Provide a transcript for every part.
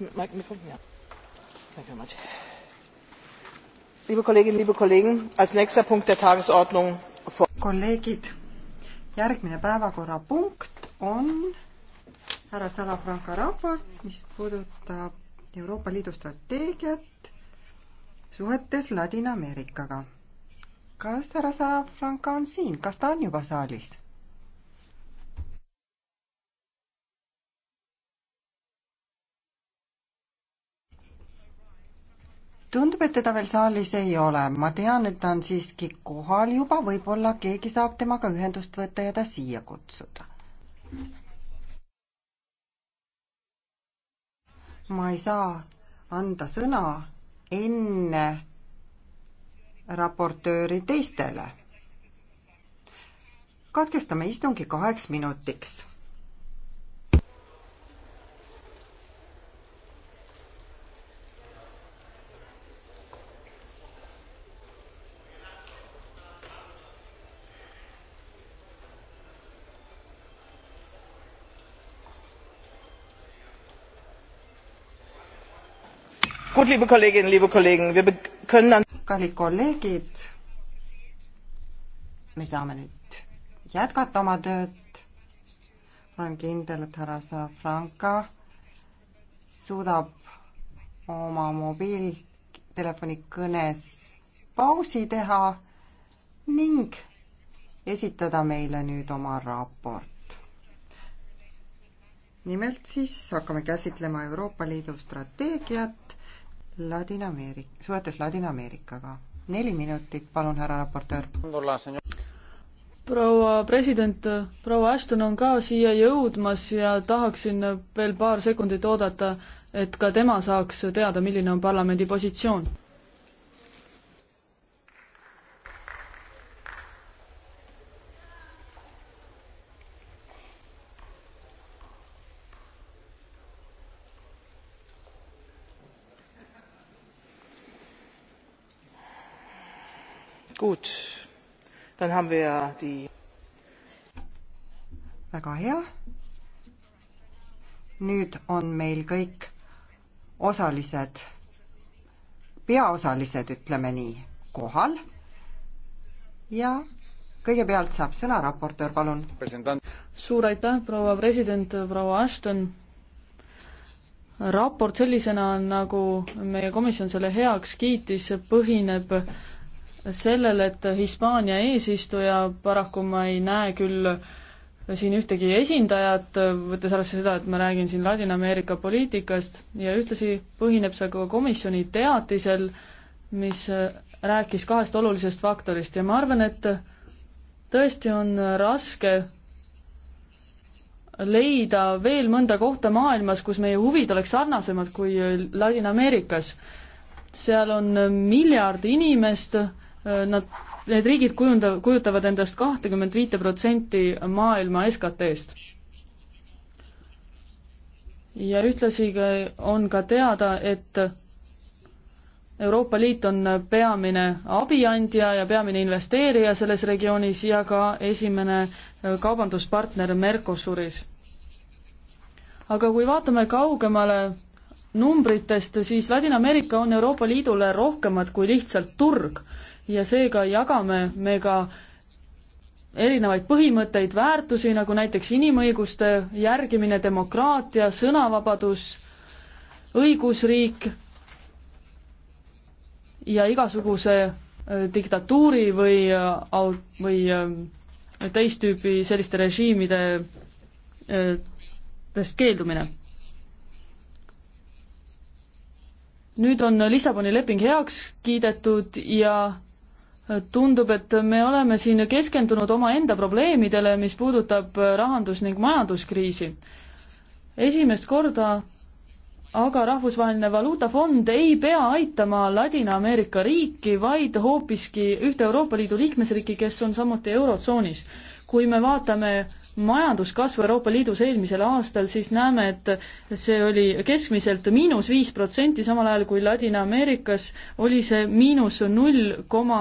microphone? Yeah. Thank you very much. Liebe Kolleginnen, liebe Kollegen, als nächster Punkt der Tagesordnung vor kolleegid, järgmine päevakorrapunkt on härra Salafranca raport, mis puudutab Euroopa Liidu strateegiat suhetes Ladina-Ameerikaga. kas härra Salafranca on siin, kas ta on juba saalis? tundub, et teda veel saalis ei ole, ma tean, et ta on siiski kohal juba, võib-olla keegi saab temaga ühendust võtta ja ta siia kutsuda. ma ei saa anda sõna enne raportööri teistele. katkestame istungi kaheks minutiks gut, liebe Kolleginnen, liebe Kollegen, wir können dann... kallid kolleegid, me saame nüüd jätkata oma tööd. ma olen kindel, et härra Salafranca suudab oma mobiiltelefoni kõnes pausi teha ning esitada meile nüüd oma raport nimelt siis hakkame käsitlema Euroopa Liidu strateegiat Ladina-Ameerik-, suhetes Ladina-Ameerikaga. neli minutit, palun, härra raportöör. proua president, proua Ashton on ka siia jõudmas ja tahaksin veel paar sekundit oodata, et ka tema saaks teada, milline on parlamendi positsioon Gut, dann haben wir die. väga hea. nüüd on meil kõik osalised, peaosalised, ütleme nii, kohal. ja kõigepealt saab sõna raportöör, palun. suur aitäh, proua president, proua Ashton. raport sellisena, nagu meie komisjon selle heaks kiitis, põhineb sellele, et Hispaania eesistuja, paraku ma ei näe küll siin ühtegi esindajat, võttes arvesse seda, et ma räägin siin Ladina-Ameerika poliitikast ja ühtlasi põhineb see ka komisjoni teatisel, mis rääkis kahest olulisest faktorist ja ma arvan, et tõesti on raske leida veel mõnda kohta maailmas, kus meie huvid oleks sarnasemad kui Ladina-Ameerikas. seal on miljard inimest Äh, nad, need riigid kujunda-, kujutavad endast kahtekümmet viite protsenti maailma SKT-st. ja ühtlasi on ka teada, et Euroopa Liit on peamine abiandja ja peamine investeerija selles regioonis ja ka esimene äh, kaubanduspartner Mercosuris. aga kui vaatame kaugemale numbritest, siis Ladina-Ameerika on Euroopa Liidule rohkemat kui lihtsalt turg ja seega jagame me ka erinevaid põhimõtteid, väärtusi, nagu näiteks inimõiguste järgimine, demokraatia, sõnavabadus, õigusriik ja igasuguse äh, diktatuuri või, äh, või äh, teist tüüpi selliste režiimide keeldumine nüüd on Lissaboni leping heaks kiidetud ja tundub, et me oleme siin keskendunud omaenda probleemidele, mis puudutab rahandus- ning majanduskriisi. esimest korda aga Rahvusvaheline Valuutafond ei pea aitama Ladina-Ameerika riiki, vaid hoopiski ühte Euroopa Liidu liikmesriiki, kes on samuti Eurotsoonis kui me vaatame majanduskasvu Euroopa Liidus eelmisel aastal, siis näeme, et see oli keskmiselt miinus viis protsenti, samal ajal kui Ladina-Ameerikas oli see miinus null koma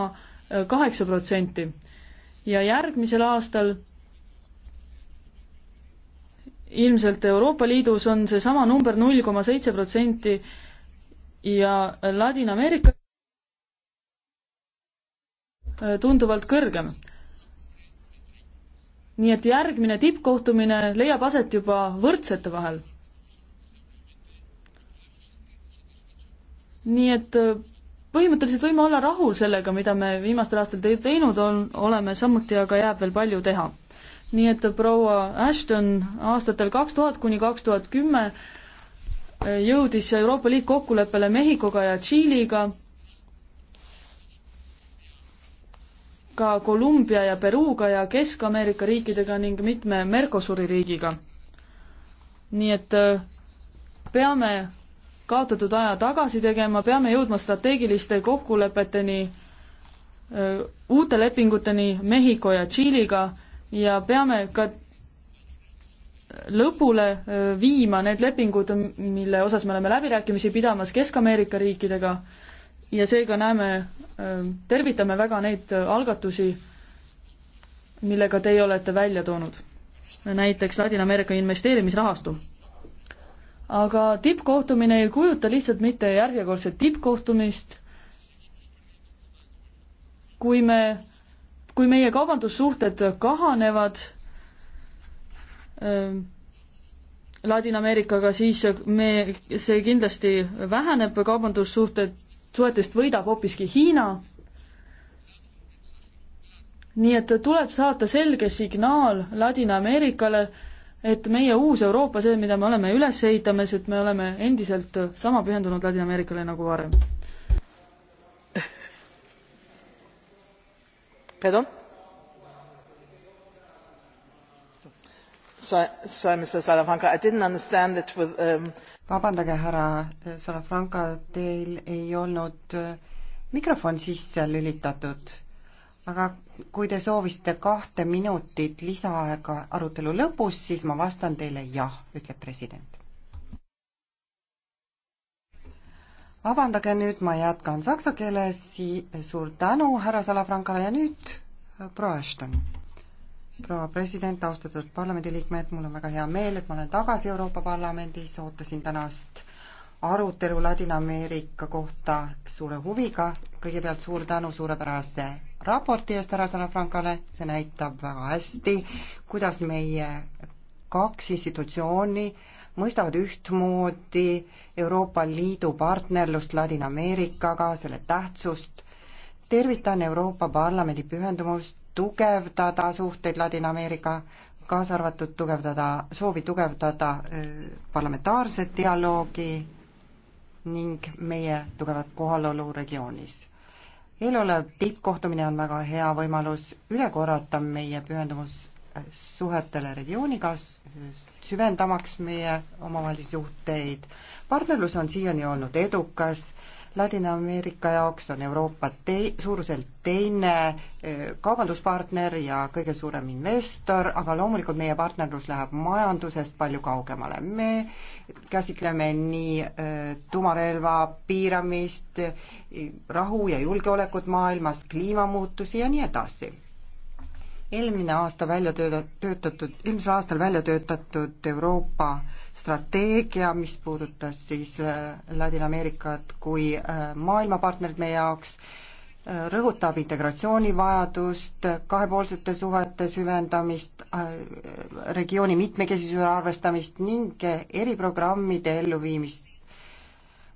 kaheksa protsenti. ja järgmisel aastal ilmselt Euroopa Liidus on seesama number null koma seitse protsenti ja Ladina-Ameerika tunduvalt kõrgem nii et järgmine tippkohtumine leiab aset juba võrdsete vahel. nii et äh, põhimõtteliselt võime olla rahul sellega, mida me viimastel aastatel teinud on, oleme, samuti aga jääb veel palju teha. nii et äh, proua Ashton aastatel kaks tuhat kuni kaks tuhat kümme äh, jõudis Euroopa Liit kokkuleppele Mehhikoga ja Tšiiliga ka Kolumbia ja Peruga ja Kesk-Ameerika riikidega ning mitme Mercosuri riigiga. nii et äh, peame kaotatud aja tagasi tegema, peame jõudma strateegiliste kokkulepeteni, äh, uute lepinguteni Mehhiko ja Tšiiliga ja peame ka lõpule äh, viima need lepingud, mille osas me oleme läbirääkimisi pidamas Kesk-Ameerika riikidega ja seega näeme, äh, tervitame väga neid äh, algatusi, millega teie olete välja toonud. näiteks Ladina-Ameerika investeerimisrahastu. aga tippkohtumine ei kujuta lihtsalt mitte järjekordset tippkohtumist, kui me, kui meie kaubandussuhted kahanevad ähm, Ladina-Ameerikaga, siis me, see kindlasti väheneb, kaubandussuhted suhetest võidab hoopiski Hiina. nii et tuleb saata selge signaal Ladina-Ameerikale, et meie uus Euroopa, see, mida me oleme üles ehitamas, et me oleme endiselt sama pühendunud Ladina-Ameerikale nagu varem. Pardon? Sorry, sorry, Mr. Salafranca, I didn't understand it with um, vabandage, härra Salafranca, teil ei olnud äh, mikrofon sisse lülitatud, aga kui te soovisite kahte minutit lisaaega arutelu lõpus, siis ma vastan teile jah, ütleb president. vabandage nüüd, ma jätkan saksa keeles, suur tänu härra Salafrancale ja nüüd äh, proua Ashton proua president, austatud parlamendiliikmed, mul on väga hea meel, et ma olen tagasi Euroopa Parlamendis, ootasin tänast arutelu Ladina-Ameerika kohta suure huviga. kõigepealt suur tänu suurepärase raporti eest härra Salafrancale, see näitab väga hästi, kuidas meie kaks institutsiooni mõistavad ühtmoodi Euroopa Liidu partnerlust Ladina-Ameerikaga, selle tähtsust. tervitan Euroopa Parlamendi pühendumust tugevdada suhteid Ladina-Ameerika, kaasa arvatud tugevdada, soovi tugevdada äh, parlamentaarset dialoogi ning meie tugevat kohalolu regioonis. eelolev tippkohtumine on väga hea võimalus üle korrata meie pühendumus äh, suhetele regiooniga, süvendamaks meie omavahelisi suhteid. partnerlus on siiani olnud edukas Ladina-Ameerika jaoks on Euroopa tei-, suuruselt teine eh, kaubanduspartner ja kõige suurem investor, aga loomulikult meie partnerlus läheb majandusest palju kaugemale. me käsitleme nii eh, tuumarelva piiramist, rahu ja julgeolekut maailmas, kliimamuutusi ja nii edasi eelmine aasta välja tööda-, töötatud, eelmisel aastal välja töötatud Euroopa strateegia, mis puudutas siis äh, Ladina-Ameerikat kui äh, maailmapartnerit meie jaoks, äh, rõhutab integratsiooni vajadust, kahepoolsete suhete süvendamist, regiooni mitmekesisuse arvestamist ning eriprogrammide elluviimist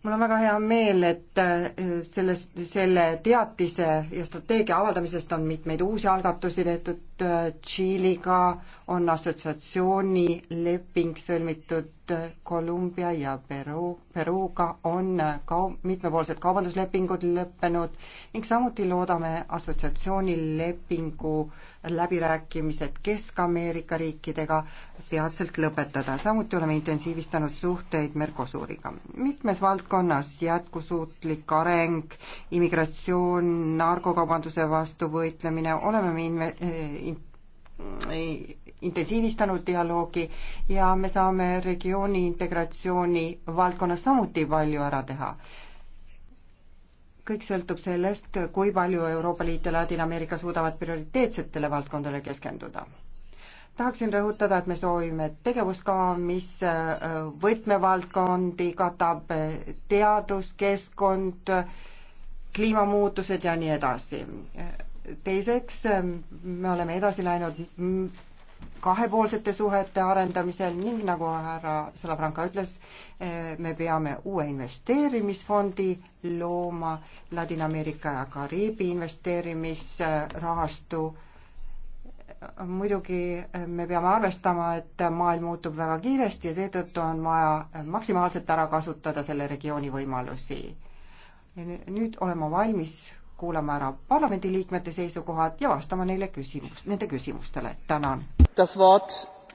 mul on väga hea meel, et äh, sellest, selle teatise ja strateegia avaldamisest on mitmeid uusi algatusi tehtud, Tšiiliga on assotsiatsioonileping sõlmitud Kolumbia ja Peru, Peruga on kau-, mitmepoolsed kaubanduslepingud lõppenud ning samuti loodame assotsiatsioonilepingu läbirääkimised Kesk-Ameerika riikidega peatselt lõpetada. samuti oleme intensiivistanud suhteid Mercosuriga. mitmes valdkonnas jätkusuutlik areng, immigratsioon, narkokaubanduse vastu võitlemine, oleme me inve-, intensiivistanud dialoogi ja me saame regiooni integratsiooni valdkonnas samuti palju ära teha. kõik sõltub sellest, kui palju Euroopa Liit ja Ladina-Ameerika suudavad prioriteetsetele valdkondadele keskenduda tahaksin rõhutada, et me soovime tegevuskava, mis äh, võtmevaldkondi katab, äh, teadus, keskkond, kliimamuutused ja nii edasi teiseks, ähm, me oleme edasi läinud kahepoolsete suhete arendamisel ning nagu härra Salafranca ütles, äh, me peame uue investeerimisfondi looma Ladina-Ameerika ja Kariibi investeerimisrahastu muidugi äh, me peame arvestama, et maailm muutub väga kiiresti ja seetõttu on vaja äh, maksimaalselt ära kasutada selle regiooni võimalusi. nüüd olen ma valmis kuulama ära parlamendiliikmete seisukohad ja vastama neile küsimus, nende küsimustele. tänan.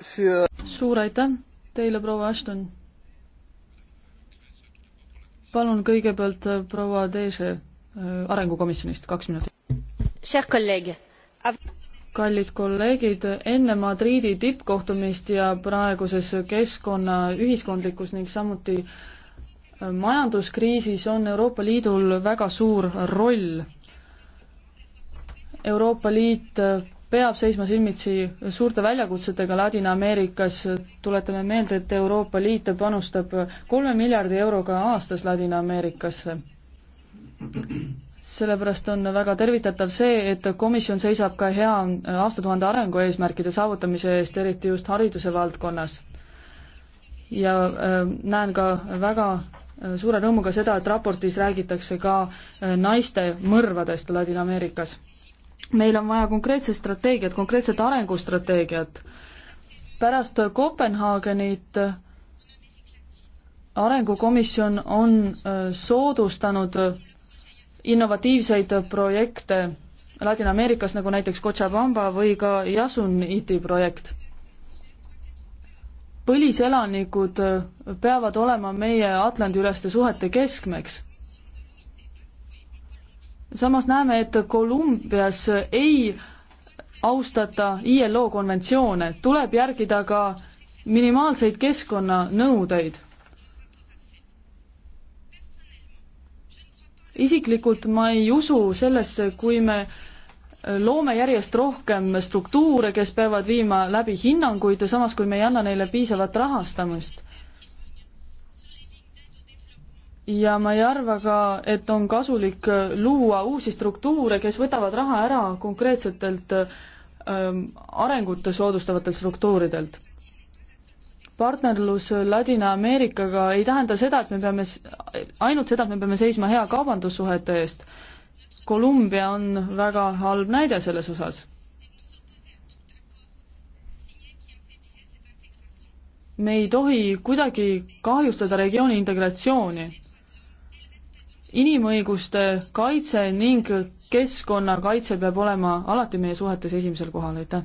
Für... suur aitäh teile, proua Ashton. palun kõigepealt äh, proua Deese äh, arengukomisjonist kaks minutit. kallid kolleegid, enne Madriidi tippkohtumist ja praeguses keskkonna ühiskondlikus ning samuti majanduskriisis on Euroopa Liidul väga suur roll. Euroopa Liit peab seisma silmitsi suurte väljakutsetega Ladina-Ameerikas, tuletame meelde, et Euroopa Liit panustab kolme miljardi euroga aastas Ladina-Ameerikasse. sellepärast on väga tervitatav see, et komisjon seisab ka hea aastatuhande arengu eesmärkide saavutamise eest, eriti just hariduse valdkonnas ja äh, näen ka väga Äh, suure rõõmuga seda, et raportis räägitakse ka äh, naiste mõrvadest Ladina-Ameerikas. meil on vaja konkreetset strateegiat, konkreetset arengustrateegiat. pärast Kopenhaagenit äh, arengukomisjon on soodustanud innovatiivseid projekte Ladina-Ameerikas, nagu näiteks Cochabamba või ka Yasuniti projekt põliselanikud äh, peavad olema meie Atlandi-üleste suhete keskmeks. samas näeme, et Kolumbias ei austata ILO konventsioone, tuleb järgida ka minimaalseid keskkonnanõudeid. isiklikult ma ei usu sellesse, kui me loome järjest rohkem struktuure, kes peavad viima läbi hinnanguid ja samas, kui me ei anna neile piisavat rahastamist. ja ma ei arva ka, et on kasulik luua uusi struktuure, kes võtavad raha ära konkreetsetelt ähm, arengute soodustavatelt struktuuridelt partnerlus Ladina-Ameerikaga ei tähenda seda, et me peame, ainult seda, et me peame seisma hea kaubandussuhete eest Kolumbia on väga halb näide selles osas. me ei tohi kuidagi kahjustada regiooni integratsiooni. inimõiguste kaitse ning keskkonnakaitse peab olema alati meie suhetes esimesel kohal, aitäh.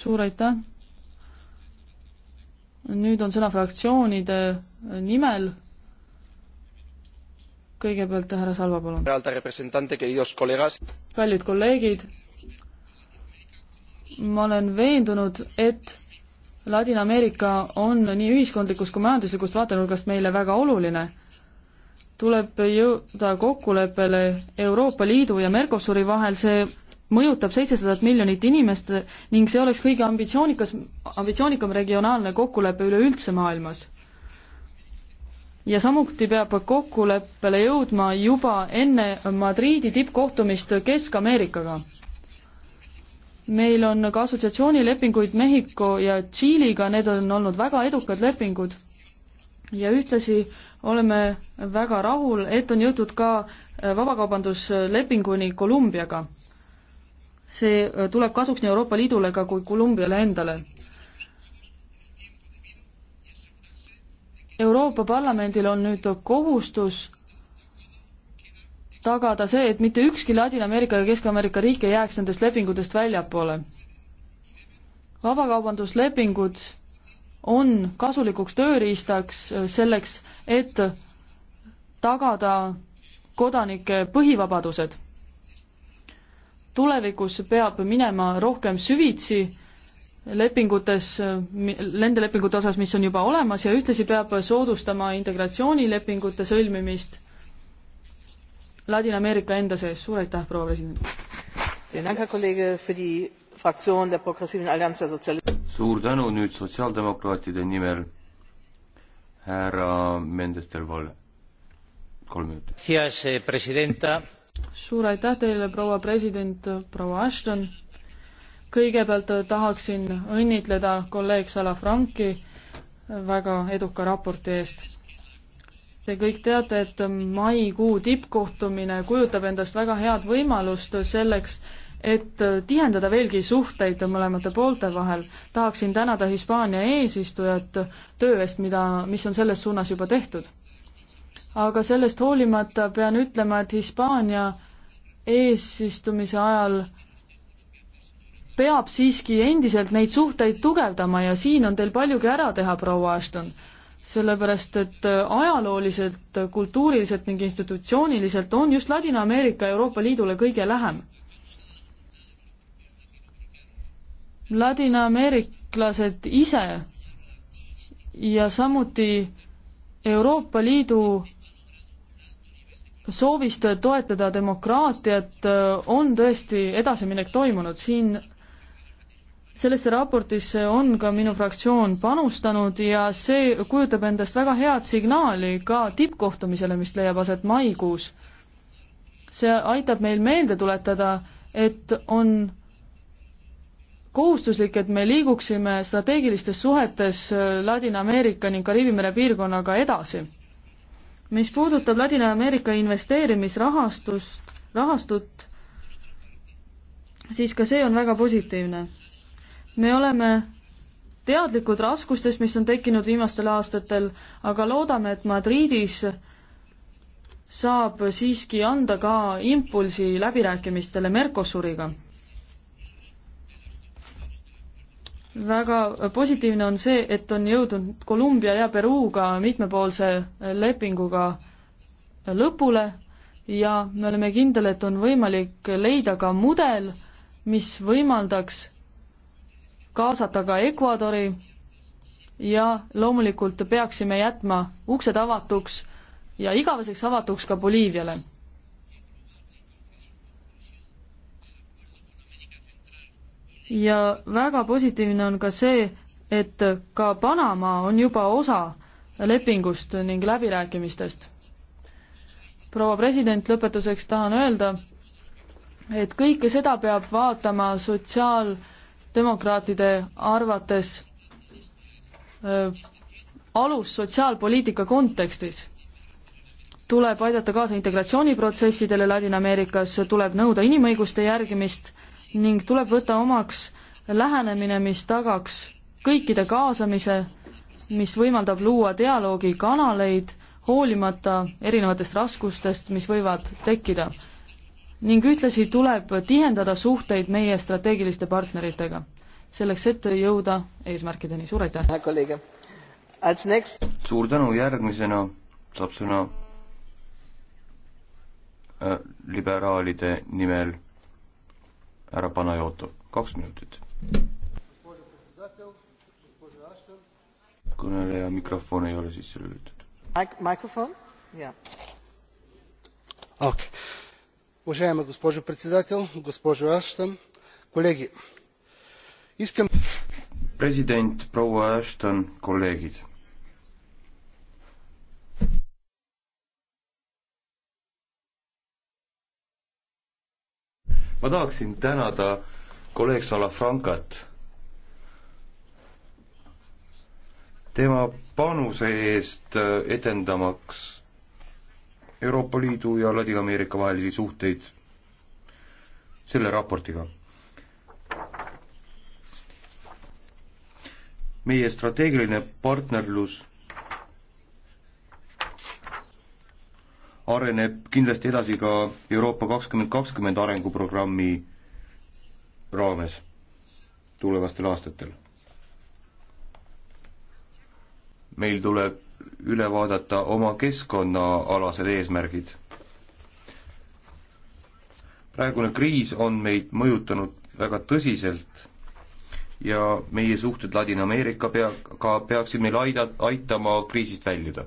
suur aitäh. nüüd on sõna fraktsioonide nimel kõigepealt härra Salva, palun. kallid kolleegid, ma olen veendunud, et Ladina-Ameerika on nii ühiskondlikust kui majanduslikust vaatenurgast meile väga oluline. tuleb jõuda kokkuleppele Euroopa Liidu ja Mercosuri vahel, see mõjutab seitsesadat miljonit inimest ning see oleks kõige ambitsioonikas, ambitsioonikam regionaalne kokkulepe üleüldse maailmas ja samuti peab kokkuleppele jõudma juba enne Madriidi tippkohtumist Kesk-Ameerikaga. meil on ka assotsiatsioonilepinguid Mehhiko ja Tšiiliga, need on olnud väga edukad lepingud ja ühtlasi oleme väga rahul, et on jõutud ka vabakaubanduslepinguni Kolumbiaga. see tuleb kasuks nii Euroopa Liidule ka kui Kolumbiale endale Euroopa Parlamendil on nüüd kohustus tagada see, et mitte ükski Ladina-Ameerika ja Kesk-Ameerika riik ei jääks nendest lepingutest väljapoole. vabakaubanduslepingud on kasulikuks tööriistaks äh, selleks, et tagada kodanike põhivabadused. tulevikus peab minema rohkem süvitsi lepingutes, nende lepingute osas, mis on juba olemas ja ühtlasi peab soodustama integratsioonilepingute sõlmimist Ladina-Ameerika enda sees. suur aitäh, proua president! suur tänu nüüd sotsiaaldemokraatide nimel härra Mendestelval, kolm minutit. Eh, suur aitäh teile, proua president, proua Ashton kõigepealt äh, tahaksin õnnitleda kolleeg Salafranki äh, väga eduka raporti eest. Te kõik teate, et maikuu tippkohtumine kujutab endast väga head võimalust selleks, et äh, tihendada veelgi suhteid mõlemate poolte vahel. tahaksin tänada Hispaania eesistujat töö eest, mida, mis on selles suunas juba tehtud. aga sellest hoolimata pean ütlema, et Hispaania eesistumise ajal äh, peab siiski endiselt neid suhteid tugevdama ja siin on teil paljugi ära teha, proua Ashton. sellepärast, et äh, ajalooliselt, äh, kultuuriliselt ning institutsiooniliselt on just Ladina-Ameerika Euroopa Liidule kõige lähem. ladinaameeriklased ise ja samuti Euroopa Liidu soovist toetada demokraatiat äh, on tõesti edasiminek toimunud, siin sellesse raportisse on ka minu fraktsioon panustanud ja see kujutab endast väga head signaali ka tippkohtumisele, mis leiab aset maikuus. see aitab meil meelde tuletada, et on kohustuslik, et me liiguksime strateegilistes suhetes Ladina-Ameerika ning Kariibi mere piirkonnaga edasi. mis puudutab Ladina-Ameerika investeerimisrahastust, rahastut, siis ka see on väga positiivne me oleme teadlikud raskustest, mis on tekkinud viimastel aastatel, aga loodame, et Madridis saab siiski anda ka impulsi läbirääkimistele Mercosuriga. väga positiivne on see, et on jõudnud Kolumbia ja Peruuga mitmepoolse lepinguga lõpule ja me oleme kindel, et on võimalik leida ka mudel, mis võimaldaks kaasata ka Ecuadori ja loomulikult peaksime jätma uksed avatuks ja igaveseks avatuks ka Boliiviale. ja väga positiivne on ka see, et ka Panama on juba osa lepingust ning läbirääkimistest. proua president, lõpetuseks tahan öelda, et kõike seda peab vaatama sotsiaal- demokraatide arvates äh, alus sotsiaalpoliitika kontekstis. tuleb aidata kaasa integratsiooniprotsessidele Ladina-Ameerikas, tuleb nõuda inimõiguste järgimist ning tuleb võtta omaks lähenemine, mis tagaks kõikide kaasamise, mis võimaldab luua dialoogikanaleid hoolimata erinevatest raskustest, mis võivad tekkida ning ühtlasi tuleb tihendada suhteid meie strateegiliste partneritega, selleks et jõuda eesmärkideni, suur aitäh! suur tänu, järgmisena saab sõna äh, liberaalide nimel härra Panajotov, kaks minutit. kõneleja mikrofon ei ole sisse lülitatud. mikrofon? jah. okei okay уважаема госпожо председател госпожо Аштън, колеги! Искам... President, proua Ashton, kolleegid. ma tahaksin tänada kolleeg Salafrancat tema panuse eest etendamaks Euroopa Liidu ja Ladina-Ameerika vahelisi suhteid selle raportiga. meie strateegiline partnerlus areneb kindlasti edasi ka Euroopa kakskümmend kakskümmend arenguprogrammi raames tulevastel aastatel. meil tuleb üle vaadata oma keskkonnaalased eesmärgid. praegune kriis on meid mõjutanud väga tõsiselt ja meie suhted Ladina-Ameerika pea, ka peaksid meil aida, aitama kriisist väljuda.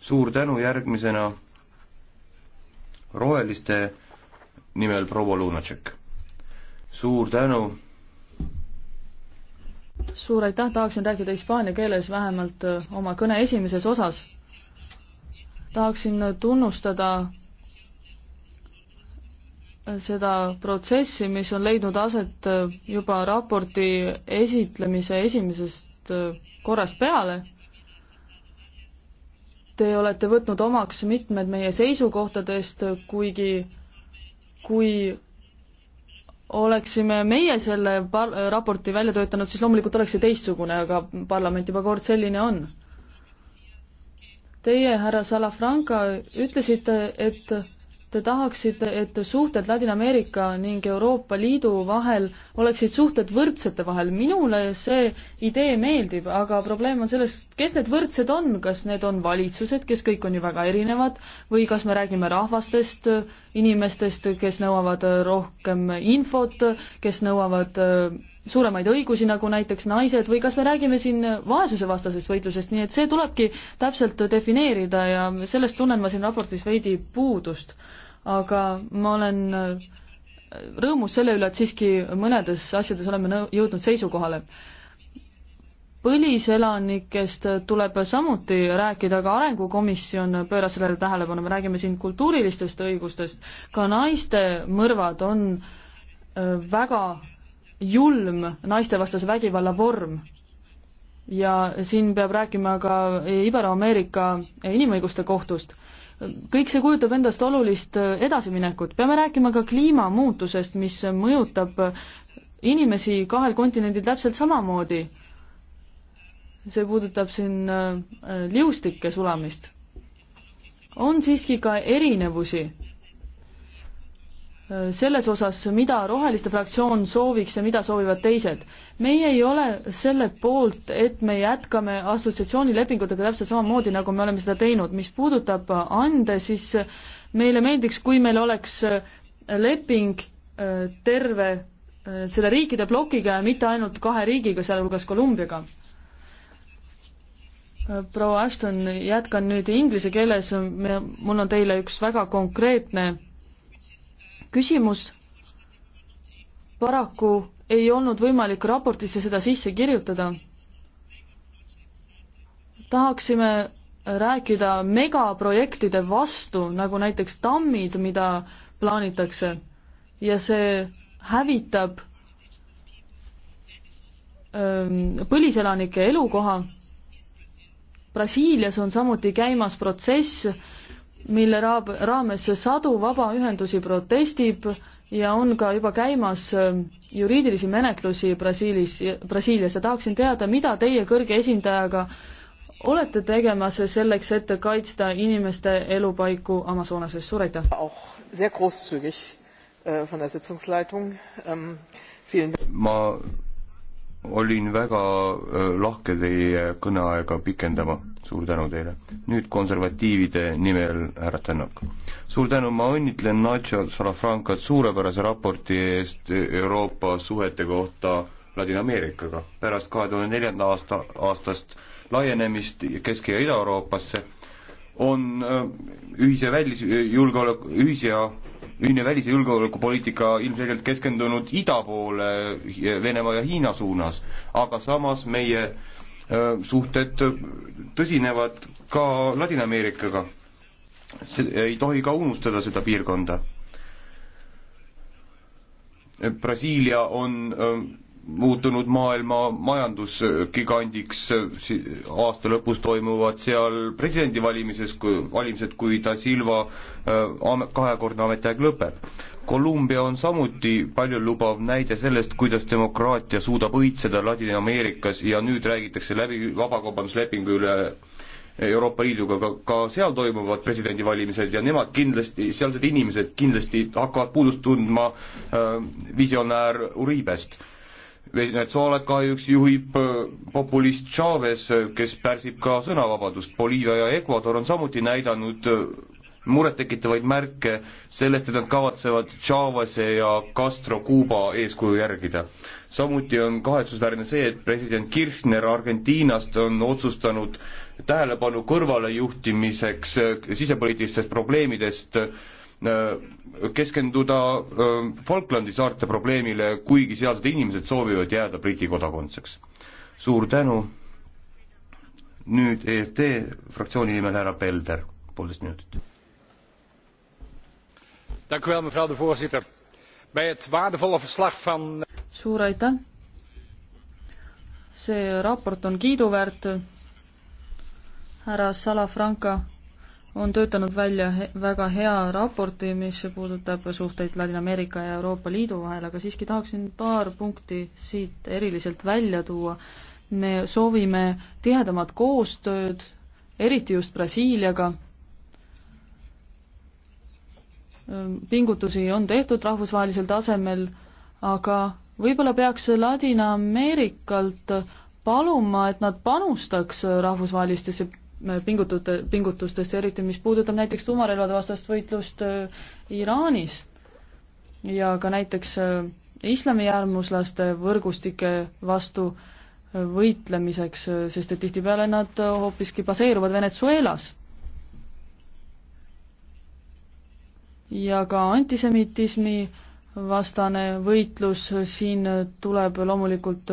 suur tänu järgmisena roheliste nimel proua Lunatšek. suur tänu suur aitäh, tahaksin rääkida hispaania keeles vähemalt äh, oma kõne esimeses osas. tahaksin äh, tunnustada äh, seda protsessi, mis on leidnud aset juba raporti esitlemise esimesest korrast peale. Te olete võtnud omaks mitmed meie seisukohtadest, kuigi kui oleksime meie selle par-, raporti välja töötanud, siis loomulikult oleks see teistsugune, aga parlament juba kord selline on. Teie, härra Salafranca, ütlesite, et Te tahaksite, et suhted Ladina-Ameerika ning Euroopa Liidu vahel oleksid suhted võrdsete vahel. minule see idee meeldib, aga probleem on selles, kes need võrdsed on, kas need on valitsused, kes kõik on ju väga erinevad, või kas me räägime rahvastest, inimestest, kes nõuavad rohkem infot, kes nõuavad äh, suuremaid õigusi, nagu näiteks naised, või kas me räägime siin vaesusevastasest võitlusest, nii et see tulebki täpselt defineerida ja sellest tunnen ma siin raportis veidi puudust aga ma olen äh, rõõmus selle üle, et siiski mõnedes asjades oleme nõu-, jõudnud seisukohale. põliselanikest tuleb samuti rääkida, aga Arengukomisjon pööras sellele tähelepanu, me räägime siin kultuurilistest õigustest, ka naiste mõrvad on äh, väga julm naistevastase vägivalla vorm ja siin peab rääkima ka Ibero-Ameerika inimõiguste kohtust kõik see kujutab endast olulist äh, edasiminekut, peame rääkima ka kliimamuutusest, mis mõjutab inimesi kahel kontinendil täpselt samamoodi. see puudutab siin äh, äh, liustike sulamist. on siiski ka erinevusi selles osas, mida Roheliste fraktsioon sooviks ja mida soovivad teised. meie ei ole selle poolt, et me jätkame assotsiatsioonilepingutega täpselt samamoodi, nagu me oleme seda teinud. mis puudutab ande, siis meile meeldiks, kui meil oleks leping äh, terve äh, selle riikide plokiga ja mitte ainult kahe riigiga, sealhulgas Kolumbiaga äh, proua Ashton, jätkan nüüd inglise keeles, mul on teile üks väga konkreetne küsimus paraku ei olnud võimalik raportisse seda sisse kirjutada. tahaksime rääkida megaprojektide vastu, nagu näiteks tammid, mida plaanitakse ja see hävitab öö, ähm, põliselanike elukoha. Brasiilias on samuti käimas protsess, mille raab, raames sadu vabaühendusi protestib ja on ka juba käimas ähm, juriidilisi menetlusi Brasiilis, Brasiilias ja tahaksin teada, mida teie kõrge esindajaga olete tegemas selleks, et kaitsta inimeste elupaiku Amazonases, suur aitäh! Äh, ähm, ma olin väga äh, lahke teie kõneaega pikendama suur tänu teile. nüüd konservatiivide nimel härra Tänak. suur tänu, ma õnnitlen Nacho Salafrancat suurepärase raporti eest Euroopa suhete kohta Ladina-Ameerikaga. pärast kahe tuhande neljanda aasta, aastast laienemist Kesk- ja Ida-Euroopasse on äh, ühise välis-, julgeoleku, ühise ja ühine välis- ja julgeolekupoliitika ilmselgelt keskendunud ida poole, Venemaa ja Hiina suunas, aga samas meie äh, Äh, suhted tõsinevad ka Ladina-Ameerikaga. Äh, ei tohi ka unustada seda piirkonda. Äh, Brasiilia on muutunud maailma majandusgigandiks, aasta lõpus toimuvad seal presidendivalimises, valimised, kui Da Silva kahekordne ametiaeg lõpeb Kolumbia on samuti paljulubav näide sellest, kuidas demokraatia suudab õitseda Ladina-Ameerikas ja nüüd räägitakse läbi vabakaubanduslepingu üle Euroopa Liiduga, ka, ka seal toimuvad presidendivalimised ja nemad kindlasti, sealsed inimesed kindlasti hakkavad puudust tundma äh, visionäär Uribest. Venezuelat kahjuks juhib äh, populist Chavez, kes pärsib ka sõnavabadust, Boliivia ja Ecuador on samuti näidanud äh, murettekitavaid märke sellest, et nad kavatsevad Chavase ja Castro Cuba eeskuju järgida. samuti on kahetsusväärne see, et president Kirchner Argentiinast on otsustanud tähelepanu kõrvalejuhtimiseks äh, sisepoliitilistest probleemidest äh, keskenduda äh, Falklandi saarte probleemile, kuigi sealsed inimesed soovivad jääda Briti kodakondseks. suur tänu, nüüd EFD fraktsiooni nimel härra Pelder, poolteist minutit bij het waardevolle verslag van. Eh, suur aitäh. see raport on kiiduväärt. härra Salafranca on töötanud välja väga hea raporti, mis puudutab suhteid Ladina-Ameerika ja Euroopa Liidu vahel, aga siiski tahaksin paar punkti siit eriliselt välja tuua. me soovime tihedamat koostööd, eriti just Brasiiliaga pingutusi on tehtud rahvusvahelisel tasemel, aga võib-olla peaks Ladina-Ameerikalt paluma, et nad panustaks rahvusvahelistesse pingutute, pingutustesse, eriti mis puudutab näiteks tuumarelvade vastast võitlust Iraanis ja ka näiteks islamiäärmuslaste võrgustike vastu võitlemiseks, sest et tihtipeale nad hoopiski baseeruvad Venezuelas ja ka antisemitismi vastane võitlus, siin tuleb loomulikult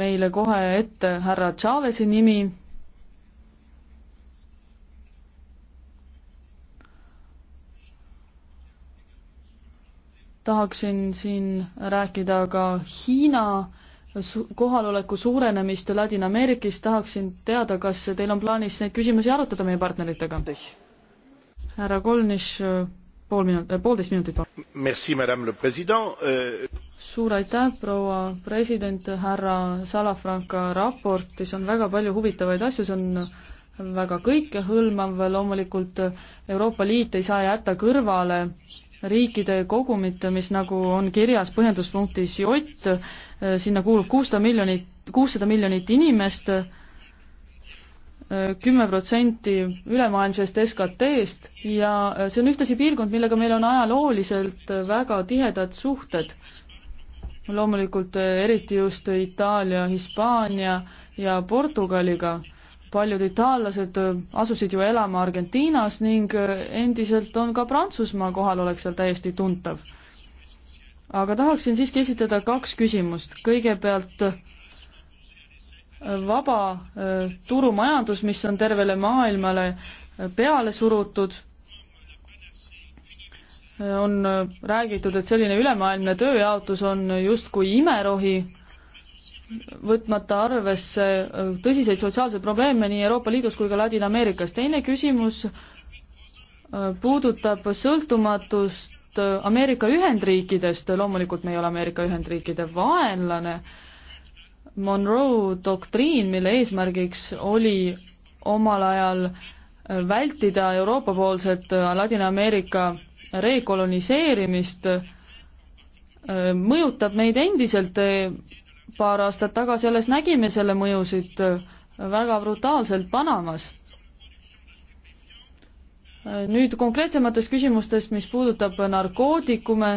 meile kohe ette härra Chavez'i nimi, tahaksin siin rääkida ka Hiina su kohaloleku suurenemist Ladina-Ameerikis, tahaksin teada, kas teil on plaanis neid küsimusi arutada meie partneritega? härra Kolnis, pool minut-, äh, poolteist minutit. Merci, madame le president euh.... suur aitäh, proua president, härra Salafranca raportis on väga palju huvitavaid asju, see on väga kõikehõlmav, loomulikult Euroopa Liit ei saa jätta kõrvale riikide kogumit, mis nagu on kirjas põhjenduspunktis J, sinna kuulub kuussada miljonit, kuussada miljonit inimest, kümme protsenti ülemaailmsest SKT-st ja äh, see on ühtlasi piirkond, millega meil on ajalooliselt äh, väga tihedad suhted. loomulikult äh, eriti just Itaalia, Hispaania ja Portugaliga. paljud itaallased asusid ju elama Argentiinas ning endiselt on ka Prantsusmaa kohalolek seal täiesti tuntav. aga tahaksin siiski esitada kaks küsimust. kõigepealt vaba turumajandus, mis on tervele maailmale peale surutud, on räägitud, et selline ülemaailmne tööjaotus on justkui imerohi, võtmata arvesse tõsiseid sotsiaalseid probleeme nii Euroopa Liidus kui ka Ladina-Ameerikas. teine küsimus puudutab sõltumatust Ameerika Ühendriikidest, loomulikult me ei ole Ameerika Ühendriikide vaenlane, Monroe doktriin, mille eesmärgiks oli omal ajal vältida Euroopa-poolset äh, Ladina-Ameerika rekoloniseerimist, äh, mõjutab meid endiselt. Äh, paar aastat tagasi alles nägime selle mõjusid väga brutaalselt Panamas. nüüd konkreetsematest küsimustest, mis puudutab narkootikume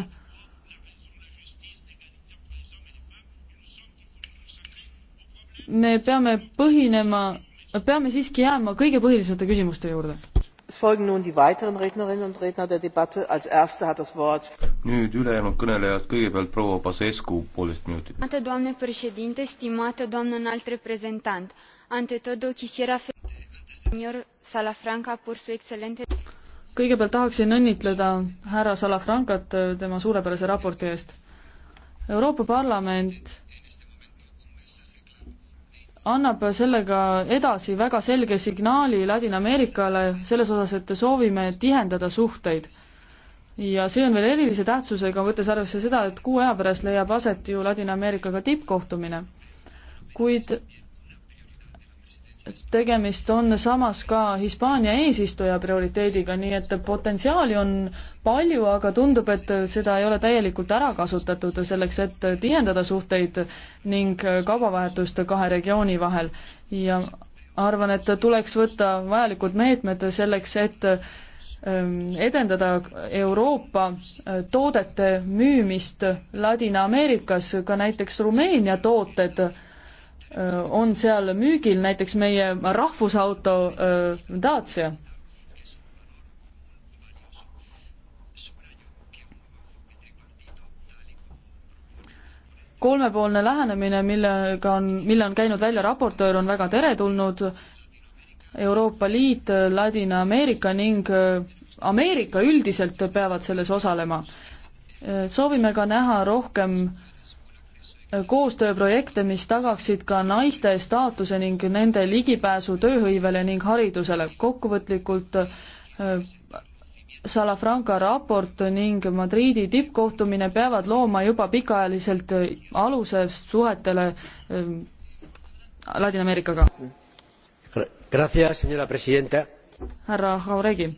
me peame põhinema, peame siiski jääma kõige põhilisemate küsimuste juurde. nüüd ülejäänud kõnelejad, kõigepealt proua Pasescu, poolteist minutit. kõigepealt tahaksin õnnitleda härra Salafrancat tema suurepärase raporti eest. Euroopa Parlament annab sellega edasi väga selge signaali Ladina-Ameerikale selles osas, et soovime tihendada suhteid. ja see on veel erilise tähtsusega, võttes arvesse seda, et kuu aja pärast leiab aset ju Ladina-Ameerikaga tippkohtumine. kuid tegemist on samas ka Hispaania eesistuja prioriteediga, nii et potentsiaali on palju, aga tundub, et seda ei ole täielikult ära kasutatud selleks, et tihendada suhteid ning kaubavahetust kahe regiooni vahel. ja arvan, et tuleks võtta vajalikud meetmed selleks, et ähm, edendada Euroopa äh, toodete müümist Ladina-Ameerikas, ka näiteks Rumeenia tooted Äh, on seal müügil, näiteks meie rahvusauto äh, Dacia. kolmepoolne lähenemine, millega on, mille on käinud välja raportöör, on väga teretulnud. Euroopa Liit, Ladina-Ameerika ning äh, Ameerika üldiselt peavad selles osalema. soovime ka näha rohkem äh, koostööprojekte, mis tagaksid ka naiste staatuse ning nende ligipääsu tööhõivele ning haridusele. kokkuvõtlikult äh, Salafranca raport ning Madriidi tippkohtumine peavad looma juba pikaajaliselt äh, aluse suhetele äh, Ladina-Ameerikaga. härra Jauregi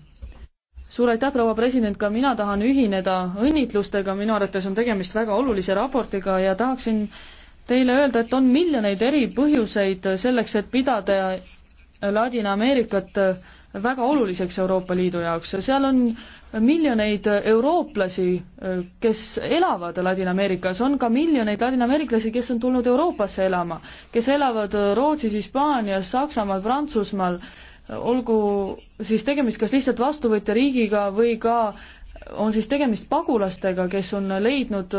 suur aitäh, proua president, ka mina tahan ühineda õnnitlustega, minu arvates on tegemist väga olulise raportiga ja tahaksin teile öelda, et on miljoneid eri põhjuseid selleks, et pidada Ladina-Ameerikat väga oluliseks Euroopa Liidu jaoks ja seal on miljoneid eurooplasi, kes elavad Ladina-Ameerikas, on ka miljoneid ladinaameeriklasi, kes on tulnud Euroopasse elama, kes elavad Rootsis, Hispaanias, Saksamaal, Prantsusmaal äh,, olgu siis tegemist kas lihtsalt vastuvõtja riigiga või ka on siis tegemist pagulastega, kes on leidnud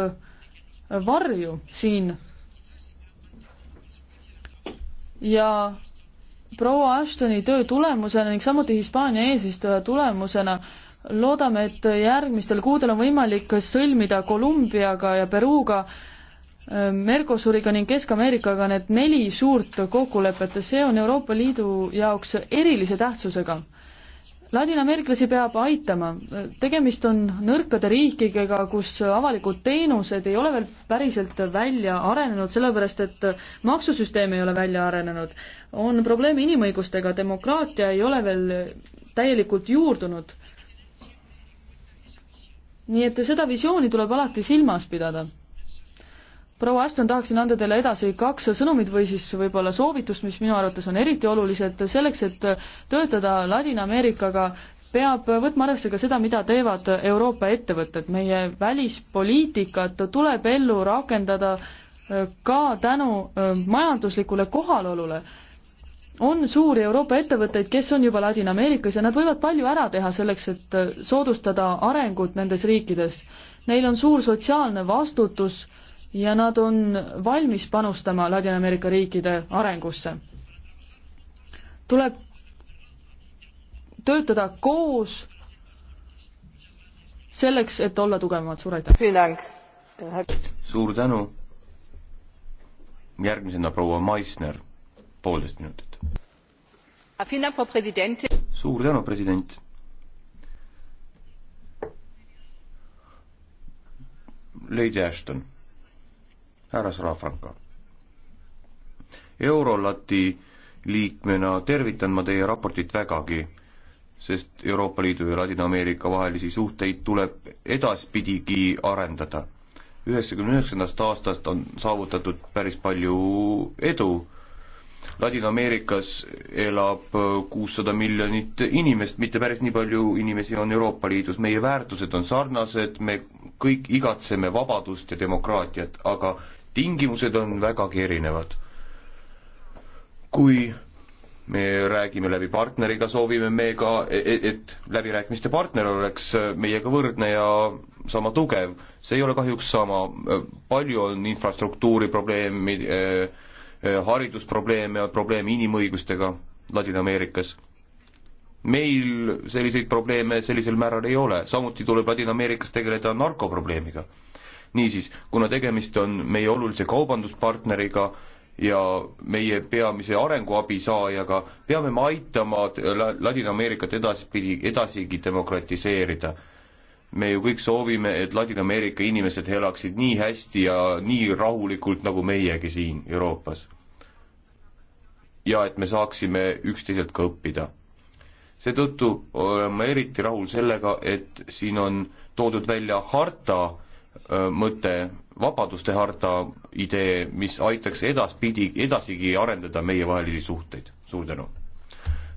varju siin. ja proua Ashtoni töö tulemusena ning samuti Hispaania eesistuja tulemusena loodame, et järgmistel kuudel on võimalik sõlmida Kolumbiaga ja Peruga äh, Mercosuriga ning Kesk-Ameerikaga need neli suurt kokkulepet, see on Euroopa Liidu jaoks erilise tähtsusega. ladinaameeriklasi peab aitama, tegemist on nõrkade riikidega, kus avalikud teenused ei ole veel päriselt välja arenenud, sellepärast et maksusüsteem ei ole välja arenenud. on probleeme inimõigustega, demokraatia ei ole veel täielikult juurdunud. nii et seda visiooni tuleb alati silmas pidada proua Ashton, tahaksin anda teile edasi kaks sõnumit või siis võib-olla soovitust, mis minu arvates on eriti olulised, selleks et töötada Ladina-Ameerikaga, peab võtma arvesse ka seda, mida teevad Euroopa ettevõtted, meie välispoliitikat tuleb ellu rakendada äh, ka tänu äh, majanduslikule kohalolule. on suuri Euroopa ettevõtteid, kes on juba Ladina-Ameerikas ja nad võivad palju ära teha selleks, et äh, soodustada arengut nendes riikides. Neil on suur sotsiaalne vastutus äh, ja nad on valmis panustama Ladina-Ameerika riikide arengusse. tuleb töötada koos selleks, et olla tugevamad, suur aitäh! suur tänu! järgmisena proua Meissner, poolteist minutit. suur tänu, president! Lady Ashton härra Sarafranka. Eurolati liikmena tervitan ma teie raportit vägagi, sest Euroopa Liidu ja Ladina-Ameerika vahelisi suhteid tuleb edaspidigi arendada. üheksakümne üheksandast aastast on saavutatud päris palju edu. Ladina-Ameerikas elab kuussada miljonit inimest, mitte päris nii palju inimesi on Euroopa Liidus, meie väärtused on sarnased, me kõik igatseme vabadust ja demokraatiat, aga tingimused on vägagi erinevad. kui me räägime läbi partneriga, soovime me ka, e-, e-, et läbirääkimiste partner oleks äh, meiega võrdne ja sama tugev, see ei ole kahjuks sama, palju on infrastruktuuri probleemi, äh, äh, haridusprobleeme, probleeme inimõigustega Ladina-Ameerikas. meil selliseid probleeme sellisel määral ei ole, samuti tuleb Ladina-Ameerikas tegeleda narkoprobleemiga niisiis, kuna tegemist on meie olulise kaubanduspartneriga ja meie peamise arenguabi saajaga, peame me aitama Ladina-Ameerikat edaspidi, edasigi demokratiseerida. me ju kõik soovime, et Ladina-Ameerika inimesed elaksid nii hästi ja nii rahulikult, nagu meiegi siin Euroopas. ja et me saaksime üksteiselt ka õppida seetõttu olen ma eriti rahul sellega, et siin on toodud välja harta, Äh, mõte, vabaduste harta idee, mis aitaks edaspidi, edasigi arendada meievahelisi suhteid. suur tänu.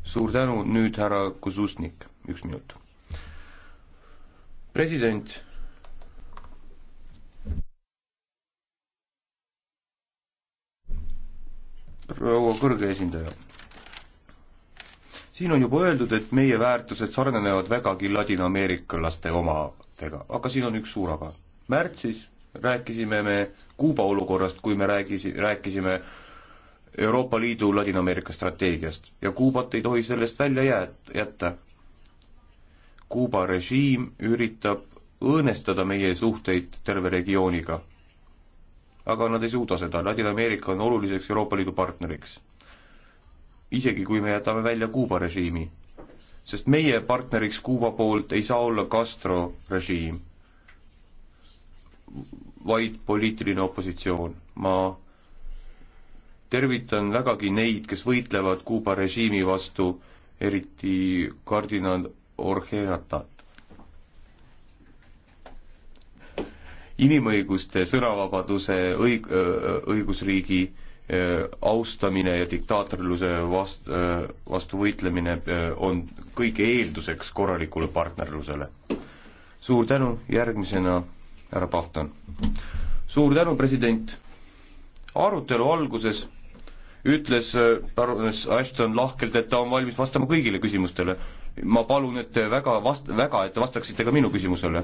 suur tänu, nüüd härra Kuzusnik, üks minut. president. proua kõrge esindaja. siin on juba öeldud, et meie väärtused sarnanevad vägagi ladinaameerikalaste omadega, aga siin on üks suur aga märtsis rääkisime me Kuuba olukorrast, kui me räägisi, rääkisime Euroopa Liidu Ladina-Ameerika strateegiast ja Kuubat ei tohi sellest välja jää-, jätta. Kuuba režiim üritab õõnestada meie suhteid terve regiooniga. aga nad ei suuda seda, Ladina-Ameerika on oluliseks Euroopa Liidu partneriks. isegi kui me jätame välja Kuuba režiimi, sest meie partneriks Kuuba poolt ei saa olla Castro režiim vaid poliitiline opositsioon. ma tervitan vägagi neid, kes võitlevad Kuuba režiimi vastu, eriti kardinal Orheatat. inimõiguste, sõnavabaduse, õig-, äh, õigusriigi äh, austamine ja diktaatorluse vast-, äh, vastu võitlemine on kõige eelduseks korralikule partnerlusele. suur tänu, järgmisena härra Pahton. suur tänu, president. arutelu alguses ütles äh, baroness Ashton lahkelt, et ta on valmis vastama kõigile küsimustele. ma palun, et te väga vast-, väga, et te vastaksite ka minu küsimusele.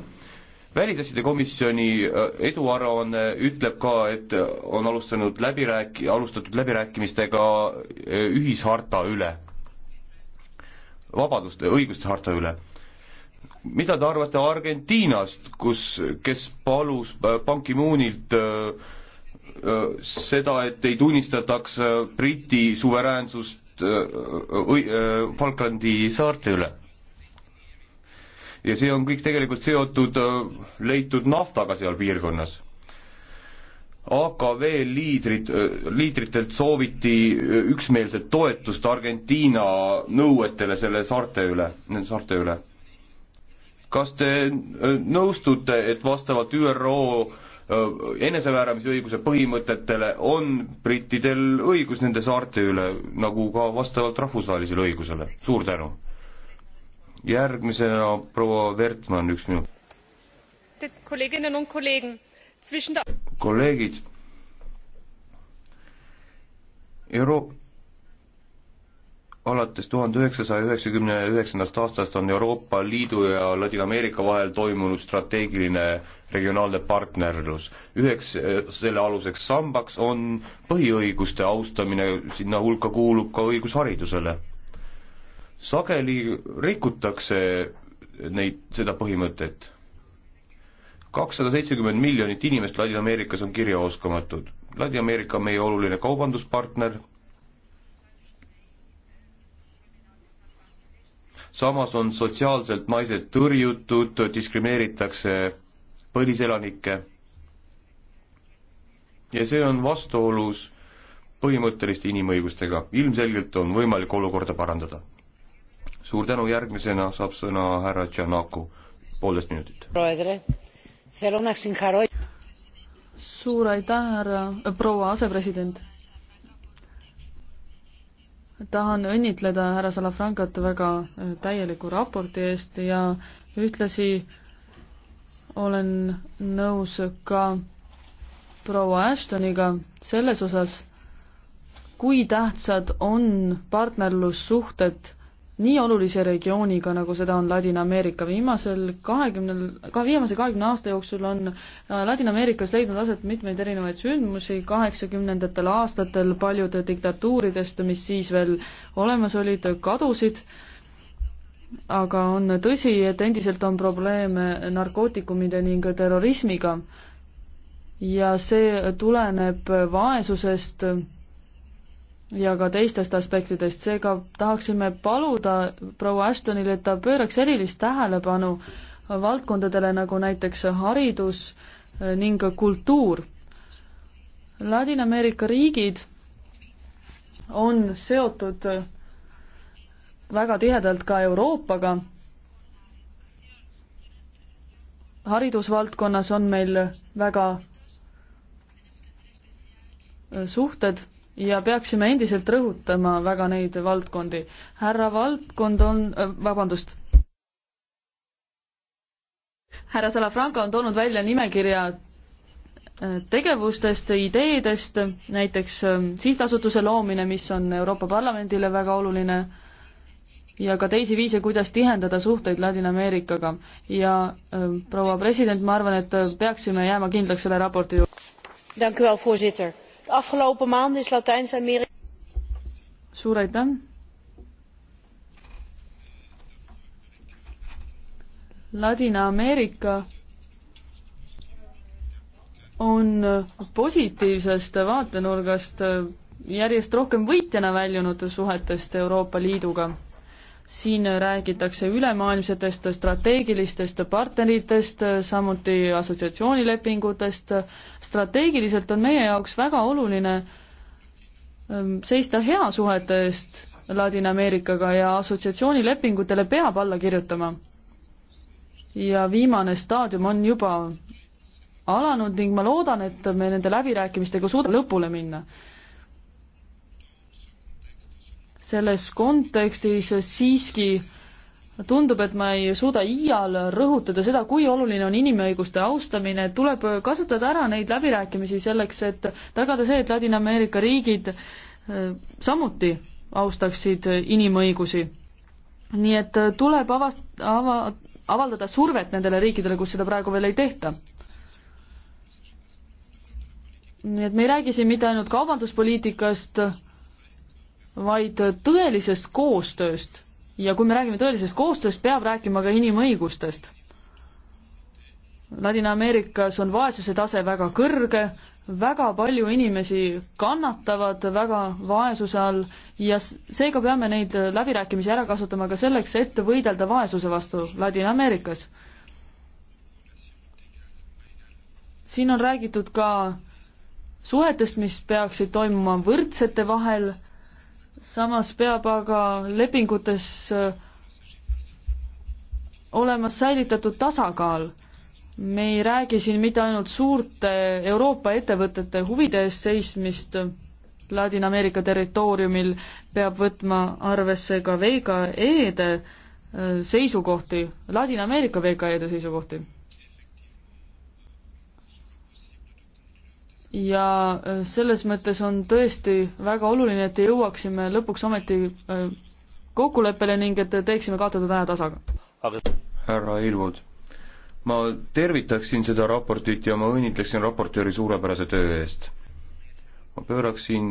välisasjade komisjoni äh, eduaruanne ütleb ka, et on alustanud läbirääk-, alustatud läbirääkimistega äh, ühisharta üle, vabaduste, õiguste harta üle mida te arvate Argentiinast, kus, kes palus äh, Ban Ki-moonilt äh, äh, seda, et ei tunnistataks Briti suveräänsust Falklandi saarte üle? ja see on kõik tegelikult seotud leitud naftaga seal piirkonnas AKV liidrid, liidritelt sooviti üksmeelset toetust Argentiina nõuetele selle saarte üle, nende saarte üle kas te äh, nõustute, et vastavalt ÜRO äh, enesemääramisõiguse põhimõtetele on brittidel õigus nende saarte üle, nagu ka vastavalt rahvusvahelisele õigusele? suur tänu! järgmisena proua Wertmann, üks minut. kolleegid, Euroopa alates tuhande üheksasaja üheksakümne üheksandast aastast on Euroopa Liidu ja Ladina-Ameerika vahel toimunud strateegiline regionaalne partnerlus. üheks eh, selle aluseks sambaks on põhiõiguste austamine, sinna hulka kuulub ka õigus haridusele. sageli rikutakse neid, seda põhimõtet. kakssada seitsekümmend miljonit inimest Ladina-Ameerikas on kirjaoskamatud. Ladina-Ameerika on meie oluline kaubanduspartner, samas on sotsiaalselt naised tõrjutud, diskrimineeritakse põliselanikke ja see on vastuolus põhimõtteliste inimõigustega, ilmselgelt on võimalik olukorda parandada. suur tänu, järgmisena saab sõna härra Tšanaku, poolteist minutit. suur aitäh, härra, proua asepresident tahan õnnitleda härra Salafrankat väga äh, täieliku raporti eest ja ühtlasi olen nõus ka proua Ashtoniga selles osas, kui tähtsad on partnerlussuhted nii olulise regiooniga, nagu seda on Ladina-Ameerika. viimasel kahekümnel, ka viimase kahekümne aasta jooksul on äh, Ladina-Ameerikas leidnud aset mitmeid erinevaid sündmusi, kaheksakümnendatel aastatel paljud diktatuuridest, mis siis veel olemas olid, kadusid, aga on tõsi, et endiselt on probleeme narkootikumide ning terrorismiga ja see tuleneb vaesusest, ja ka teistest aspektidest, seega tahaksime paluda proua Ashtonile, et ta pööraks erilist tähelepanu valdkondadele nagu näiteks haridus eh, ning kultuur. Ladina-Ameerika riigid on seotud väga tihedalt ka Euroopaga. haridusvaldkonnas on meil väga eh, suhted ja peaksime endiselt rõhutama väga neid valdkondi. härra valdkond on äh,, vabandust, härra Salafranca on toonud välja nimekirja äh, tegevustest, ideedest, näiteks äh, sihtasutuse loomine, mis on Euroopa Parlamendile väga oluline, ja ka teisi viise, kuidas tihendada suhteid Ladina-Ameerikaga. ja äh, proua president, ma arvan, et äh, peaksime jääma kindlaks selle raporti juurde de afgelopen maanden is latijns amerika. suur aitäh. Ladina-Ameerika on positiivsest vaatenurgast järjest rohkem võitjana väljunud suhetest Euroopa Liiduga siin räägitakse ülemaailmsetest strateegilistest partneritest, samuti assotsiatsioonilepingutest. strateegiliselt on meie jaoks väga oluline ähm, seista hea suhete eest Ladina-Ameerikaga ja assotsiatsioonilepingutele peab alla kirjutama. ja viimane staadium on juba alanud ning ma loodan, et me nende läbirääkimistega suudame lõpule minna selles kontekstis siiski tundub, et ma ei suuda iial rõhutada seda, kui oluline on inimõiguste austamine, tuleb kasutada ära neid läbirääkimisi selleks, et tagada see, et Ladina-Ameerika riigid äh, samuti austaksid inimõigusi. nii et äh, tuleb avast-, ava-, avaldada survet nendele riikidele, kus seda praegu veel ei tehta. nii et me ei räägi siin mitte ainult kaubanduspoliitikast, vaid tõelisest koostööst. ja kui me räägime tõelisest koostööst, peab rääkima ka inimõigustest. Ladina-Ameerikas on vaesuse tase väga kõrge, väga palju inimesi kannatavad väga vaesuse all ja seega peame neid läbirääkimisi ära kasutama ka selleks, et võidelda vaesuse vastu Ladina-Ameerikas. siin on räägitud ka suhetest, mis peaksid toimuma võrdsete vahel samas peab aga lepingutes äh, olema säilitatud tasakaal. me ei räägi siin mitte ainult suurte Euroopa ettevõtete huvide eest seismist, Ladina-Ameerika territooriumil peab võtma arvesse ka VKE-de äh, seisukohti, Ladina-Ameerika VKE-de seisukohti ja äh, selles mõttes on tõesti väga oluline, et jõuaksime lõpuks ometi äh, kokkuleppele ning et teeksime kaotatud aja tasaga. härra Ilvud, ma tervitaksin seda raportit ja ma õnnitleksin raportööri suurepärase töö eest. ma pööraksin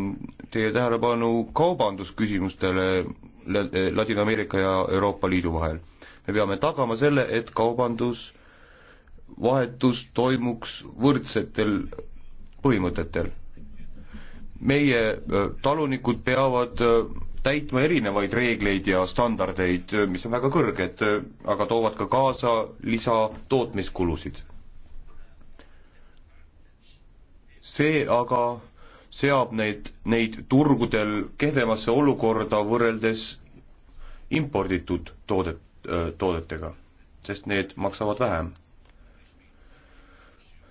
teie tähelepanu kaubandusküsimustele Ladina-Ameerika ja Euroopa Liidu vahel. me peame tagama selle, et kaubandus vahetus toimuks võrdsetel põhimõtetel. meie talunikud peavad täitma erinevaid reegleid ja standardeid, mis on väga kõrged, aga toovad ka kaasa lisatootmiskulusid. see aga seab neid, neid turgudel kehvemasse olukorda võrreldes imporditud toodet, toodetega, sest need maksavad vähem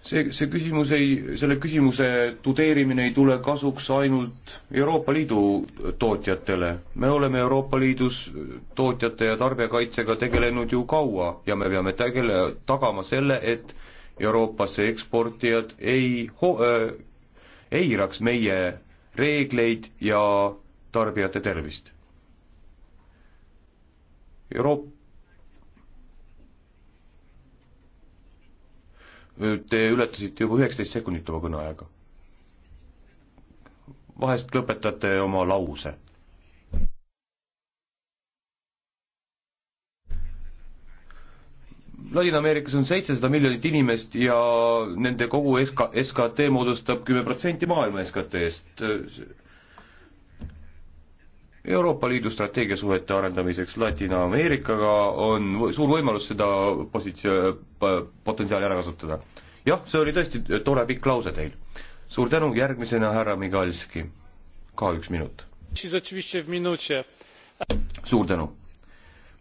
see, see küsimus ei, selle küsimuse tudeerimine ei tule kasuks ainult Euroopa Liidu tootjatele. me oleme Euroopa Liidus tootjate ja tarbijakaitsega tegelenud ju kaua ja me peame tegele-, tagama selle, et Euroopasse eksportijad ei ho- äh,, eiraks meie reegleid ja tarbijate tervist. Euroop-, Te ületasite juba üheksateist sekundit oma kõneaega. vahest lõpetate oma lause. Ladina-Ameerikas on seitsesada miljonit inimest ja nende kogu SK, SKT moodustab kümme protsenti maailma SKT-st Euroopa Liidu strateegiasuhete arendamiseks Ladina-Ameerikaga on suur võimalus seda positsio-, potentsiaali ära kasutada. jah, see oli tõesti tore pikk lause teil. suur tänu, järgmisena härra Migalski, ka üks minut. suur tänu.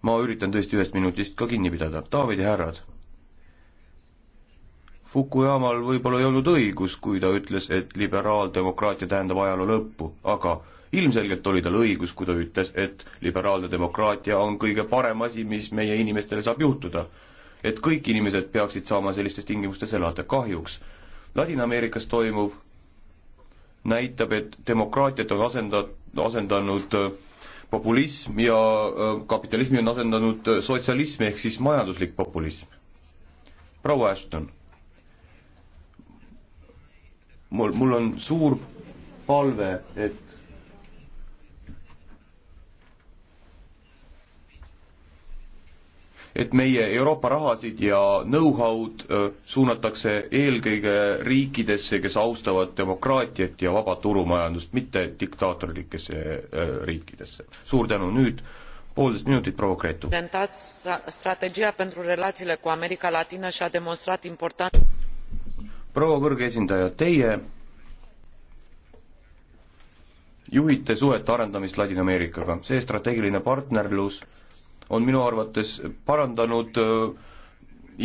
ma üritan tõesti ühest minutist ka kinni pidada, daamid ja härrad. Fukuyamal võib-olla ei olnud õigus, kui ta ütles, et liberaaldemokraatia tähendab ajaloo lõppu, aga ilmselgelt oli tal õigus, kui ta ütles, et liberaalne demokraatia on kõige parem asi, mis meie inimestele saab juhtuda. et kõik inimesed peaksid saama sellistes tingimustes elada, kahjuks. Ladina-Ameerikas toimuv näitab, et demokraatiat on asenda-, asendanud äh, populism ja äh, kapitalismi on asendanud äh, sotsialism ehk siis majanduslik populism. proua Ashton, mul, mul on suur palve, et et meie Euroopa rahasid ja know-how'd äh, suunatakse eelkõige riikidesse, kes austavad demokraatiat ja vaba turumajandust, mitte diktaatorlikesse äh, riikidesse. suur tänu, nüüd poolteist minutit, proua Gretu. strateegia pentru relațiile cu America Latina și-a demonstrat important proua kõrge esindaja, teie juhite suhete arendamist Ladina-Ameerikaga, see strateegiline partnerlus on minu arvates parandanud äh,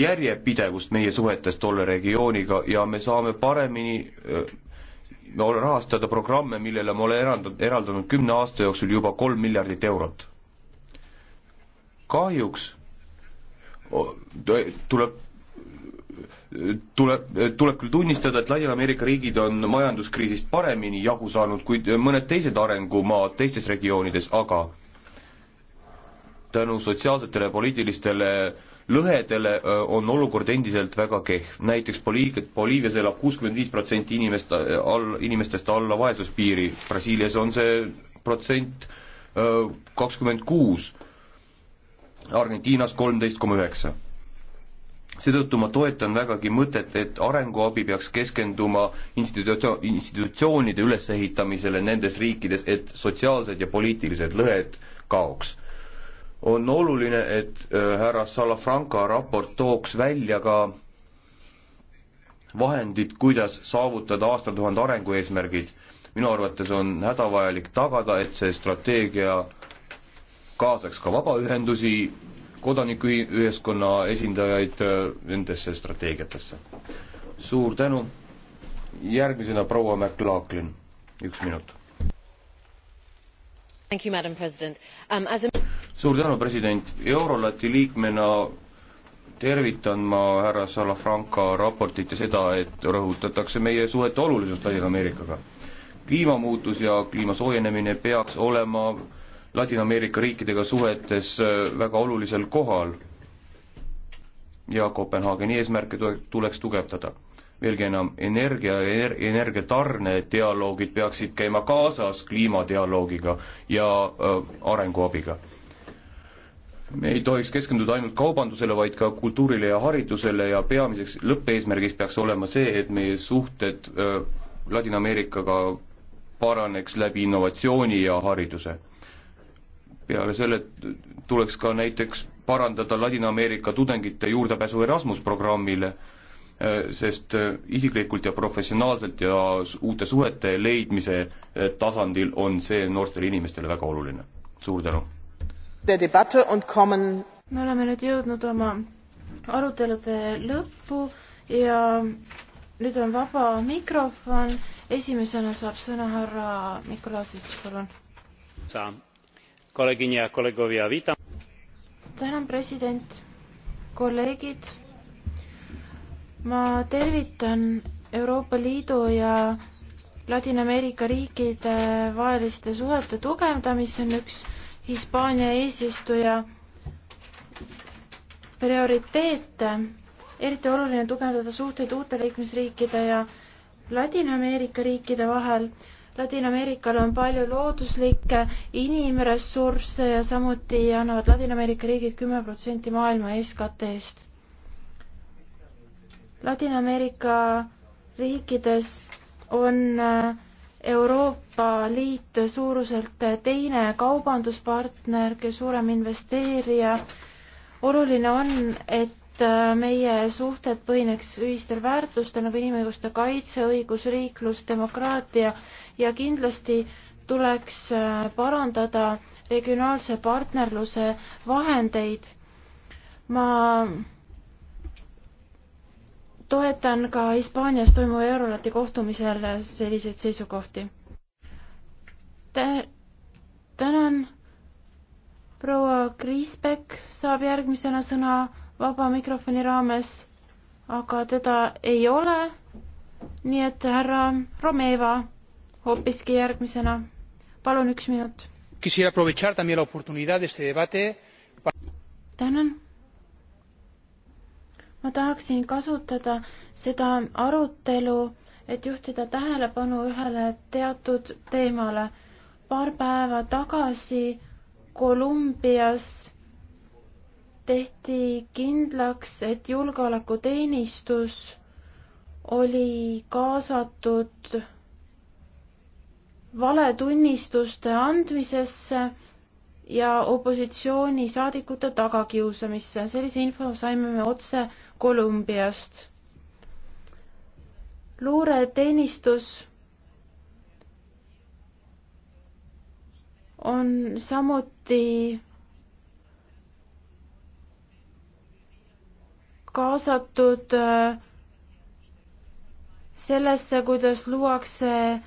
järjepidevust meie suhetes tolle regiooniga ja me saame paremini äh, rahastada programme, millele me oleme eraldanud, eraldanud kümne aasta jooksul juba kolm miljardit eurot. kahjuks tuleb tuleb, tuleb küll tunnistada, et Ladina-Ameerika riigid on majanduskriisist paremini jagu saanud kui mõned teised arengumaad teistes regioonides, aga tänu sotsiaalsetele ja poliitilistele lõhedele on olukord endiselt väga kehv. näiteks Boliiv-, Boliivias elab kuuskümmend viis protsenti inimest all, inimestest alla vaesuspiiri, Brasiilias on see protsent kakskümmend kuus, Argentiinas kolmteist koma üheksa. seetõttu ma toetan vägagi mõtet, et arenguabi peaks keskenduma institutsioon, institutsioonide ülesehitamisele nendes riikides, et sotsiaalsed ja poliitilised lõhed kaoks on oluline, et äh, härra Salafranca raport tooks välja ka vahendid, kuidas saavutada aastatuhande arengueesmärgid. minu arvates on hädavajalik tagada, et see strateegia kaasaks ka vabaühendusi, kodanikuühiskonna esindajaid äh, nendesse strateegiatesse. suur tänu, järgmisena proua McLaughlin, üks minut. Thank you, madam president um,. As a suur tänu, president, Eurolati liikmena tervitan ma härra Salafranca raportit ja seda, et rõhutatakse meie suhete olulisust Ladina-Ameerikaga. kliimamuutus ja kliima soojenemine peaks olema Ladina-Ameerika riikidega suhetes äh, väga olulisel kohal ja Kopenhaageni eesmärke tuleks tugevdada. veelgi enam, energia ener,, energiatarne dialoogid peaksid käima kaasas kliimadialoogiga ja äh, arenguabiga me ei tohiks keskenduda ainult kaubandusele, vaid ka kultuurile ja haridusele ja peamiseks lõppeesmärgiks peaks olema see, et meie suhted Ladina-Ameerikaga paraneks läbi innovatsiooni ja hariduse. peale selle tuleks ka näiteks parandada Ladina-Ameerika tudengite juurdepääsu Erasmus programmile, sest isiklikult ja professionaalselt ja uute suhete leidmise tasandil on see noortele inimestele väga oluline. suur tänu! me oleme nüüd jõudnud oma arutelude lõppu ja nüüd on vaba mikrofon. esimesena saab sõna härra Mikolasitš, palun. tänan, president, kolleegid. ma tervitan Euroopa Liidu ja Ladina-Ameerika riikide vaheliste suhete tugevdamise on üks Hispaania eesistuja prioriteete, eriti oluline tugevdada suhteid uute liikmesriikide ja Ladina-Ameerika riikide vahel. Ladina-Ameerikal on palju looduslikke inimressursse ja samuti annavad Ladina-Ameerika riigid kümme protsenti maailma SKT-st. Ladina-Ameerika riikides on äh, Euroopa Liit suuruselt teine kaubanduspartner, kõige suurem investeerija. oluline on, et meie suhted põhineks ühistel väärtustel nagu inimõiguste kaitse, õigusriiklus, demokraatia ja kindlasti tuleks parandada regionaalse partnerluse vahendeid. ma toetan ka Hispaanias toimuva Eurolati kohtumisel selliseid seisukohti. Tä-, tänan, proua Kriisbeck saab järgmisena sõna vaba mikrofoni raames, aga teda ei ole, nii et härra Romeva hoopiski järgmisena. palun, üks minut. tänan ma tahaksin kasutada seda arutelu, et juhtida tähelepanu ühele teatud teemale. paar päeva tagasi Kolumbias tehti kindlaks, et julgeolekuteenistus oli kaasatud valetunnistuste andmisesse ja opositsioonisaadikute tagakiusamisse. sellise info saime me otse Kolumbiast. luureteenistus on samuti kaasatud äh, sellesse, kuidas luuakse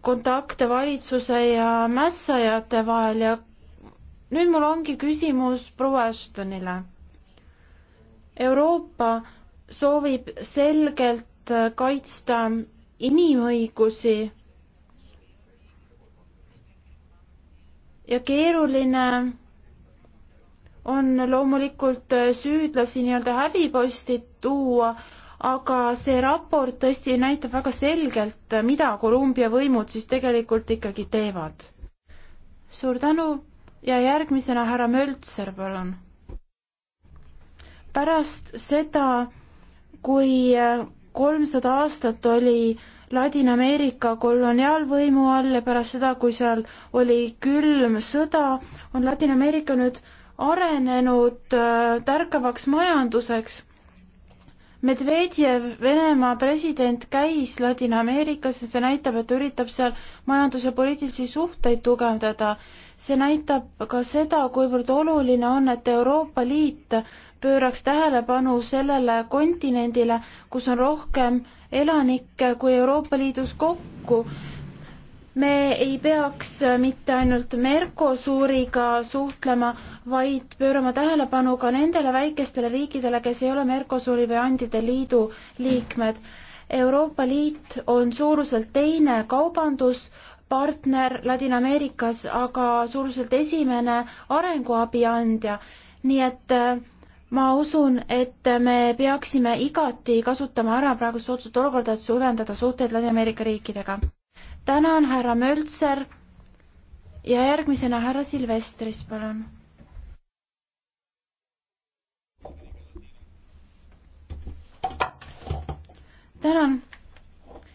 kontakte valitsuse ja mässajate vahel ja nüüd mul ongi küsimus proua Ashtonile Euroopa soovib selgelt kaitsta inimõigusi ja keeruline on loomulikult süüdlasi nii-öelda häbiposti tuua, aga see raport tõesti näitab väga selgelt, mida Kolumbia võimud siis tegelikult ikkagi teevad. suur tänu ja järgmisena härra Möltser, palun pärast seda, kui kolmsada aastat oli Ladina-Ameerika koloniaalvõimu all ja pärast seda, kui seal oli külm sõda, on Ladina-Ameerika nüüd arenenud äh, tärkavaks majanduseks Medvedjev, Venemaa president, käis Ladina-Ameerikas ja see näitab, et ta üritab seal majanduse poliitilisi suhteid tugevdada. see näitab ka seda, kuivõrd oluline on, et Euroopa Liit pööraks tähelepanu sellele kontinendile, kus on rohkem elanikke kui Euroopa Liidus kokku me ei peaks äh, mitte ainult Mercosuriga suhtlema, vaid pöörama tähelepanu ka nendele väikestele riikidele, kes ei ole Mercosuri või Andide Liidu liikmed. Euroopa Liit on suuruselt teine kaubanduspartner Ladina-Ameerikas, aga suuruselt esimene arenguabi andja. nii et äh, ma usun, et me peaksime igati kasutama ära praegust soodsat olukorda, et süvendada suhteid Ladina-Ameerika riikidega tänan, härra Möltser ja järgmisena härra Silvestris, palun. tänan.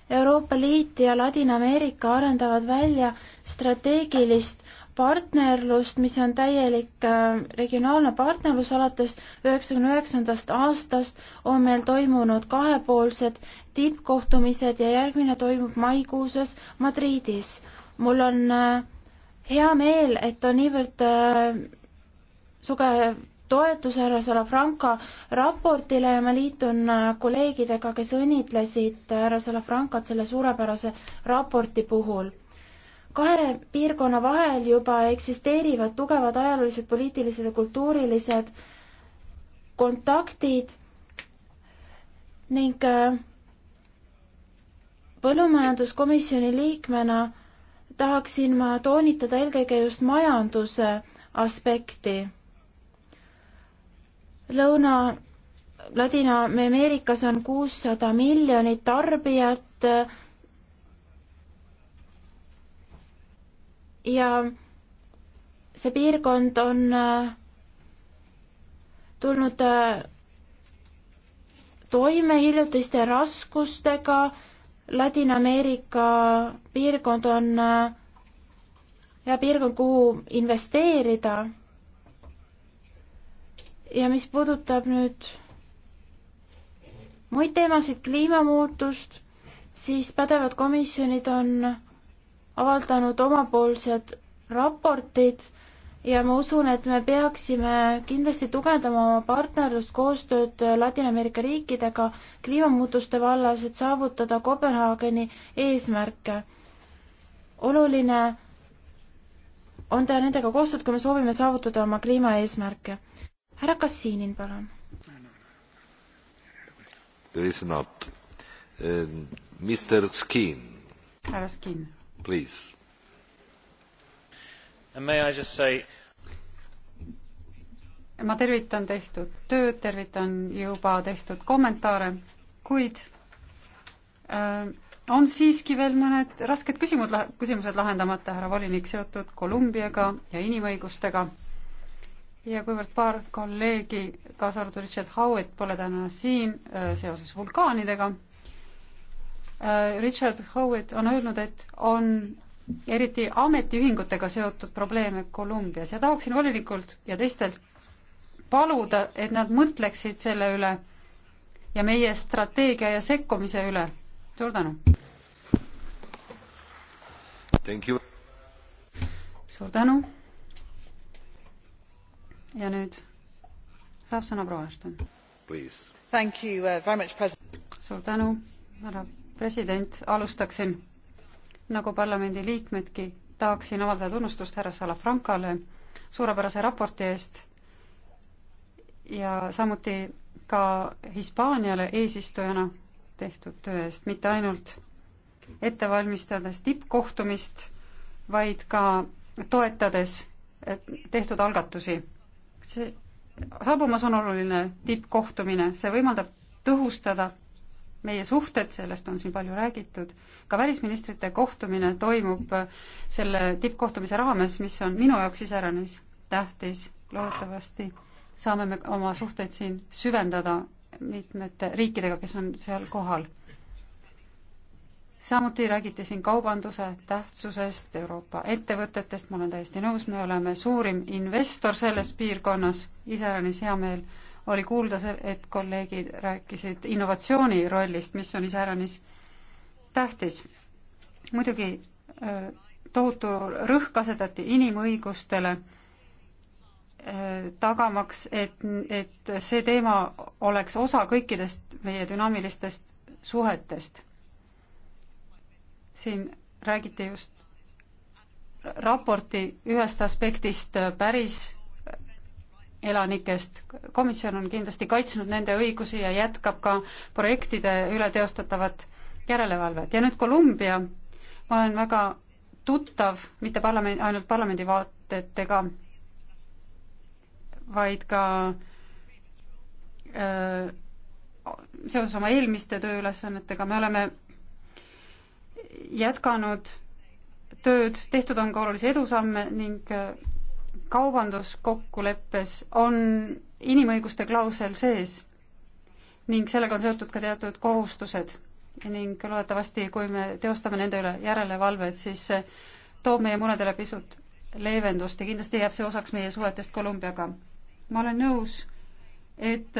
Euroopa Liit ja Ladina-Ameerika arendavad välja strateegilist partnerlust, mis on täielik äh, regionaalne partnerlus, alates üheksakümne üheksandast aastast on meil toimunud kahepoolsed tippkohtumised ja järgmine toimub maikuuses Madridis. mul on äh, hea meel, et on niivõrd äh, sugev toetus härra Salafranca raportile ja ma liitun äh, kolleegidega, kes õnnitlesid härra Salafrancat selle suurepärase raporti puhul. kahe piirkonna vahel juba eksisteerivad tugevad ajaloolised, poliitilised ja kultuurilised kontaktid ning põllumajanduskomisjoni liikmena tahaksin ma toonitada eelkõige just majanduse aspekti. Lõuna Ladina-Ameerikas on kuussada miljonit tarbijat ja see piirkond on äh, tulnud äh, toime hiljutiste raskustega Ladina-Ameerika piirkond on äh, hea piirkond, kuhu investeerida. ja mis puudutab nüüd muid teemasid, kliimamuutust, siis pädevad komisjonid on avaldanud omapoolsed raportid ja ma usun, et me peaksime kindlasti tugevdama oma partnerlust, koostööd Ladina-Ameerika riikidega kliimamuutuste vallas, et saavutada Kopenhaageni eesmärke. oluline on teha nendega koostööd, kui me soovime saavutada oma kliimaeesmärke. härra Kassiinin, palun. There is not uh,. Mr Skin. härra Skin. Please Say... ma tervitan tehtud tööd, tervitan juba tehtud kommentaare, kuid äh, on siiski veel mõned rasked küsimud, küsimused lahendamata, härra volinik, seotud Kolumbiaga ja inimõigustega. ja kuivõrd paar kolleegi, kaasa arvatud Richard Howitt, pole täna siin äh, seoses vulkaanidega äh,, Richard Howitt on öelnud, et on eriti ametiühingutega seotud probleeme Kolumbias ja tahaksin volinikult ja teistelt paluda, et nad mõtleksid selle üle ja meie strateegia ja sekkumise üle. suur tänu! suur tänu! ja nüüd saab sõna proua Ashton. Uh, suur tänu, härra president, alustaksin nagu parlamendi liikmedki, tahaksin avaldada tunnustust härra Salafrankale suurepärase raporti eest ja samuti ka Hispaaniale eesistujana tehtud töö eest, mitte ainult ette valmistades tippkohtumist, vaid ka toetades tehtud algatusi. see, saabumas on oluline tippkohtumine, see võimaldab tõhustada meie suhted, sellest on siin palju räägitud, ka välisministrite kohtumine toimub selle tippkohtumise raames, mis on minu jaoks iseäranis tähtis, loodetavasti saame me oma suhteid siin süvendada mitmete riikidega, kes on seal kohal. samuti räägiti siin kaubanduse tähtsusest, Euroopa ettevõtetest, ma olen täiesti nõus, me oleme suurim investor selles piirkonnas, iseäranis hea meel oli kuulda, et kolleegid rääkisid innovatsiooni rollist, mis on iseäranis tähtis. muidugi äh, tohutu rõhk asetati inimõigustele, äh, tagamaks, et, et see teema oleks osa kõikidest meie dünaamilistest suhetest. siin räägiti just raporti ühest aspektist äh, päris elanikest. komisjon on kindlasti kaitsnud nende õigusi ja jätkab ka projektide üle teostatavat järelevalvet. ja nüüd Kolumbia, ma olen väga tuttav mitte parlamendi, ainult parlamendi vaatetega, vaid ka öö, seoses oma eelmiste tööülesannetega, me oleme jätkanud tööd, tehtud on ka olulisi edusamme ning kaubanduskokkuleppes on inimõiguste klausel sees ning sellega on seotud ka teatud kohustused ning loodetavasti, kui me teostame nende üle järelevalvet, siis see toob meie muredele pisut leevendust ja kindlasti jääb see osaks meie suhetest Kolumbiaga. ma olen nõus, et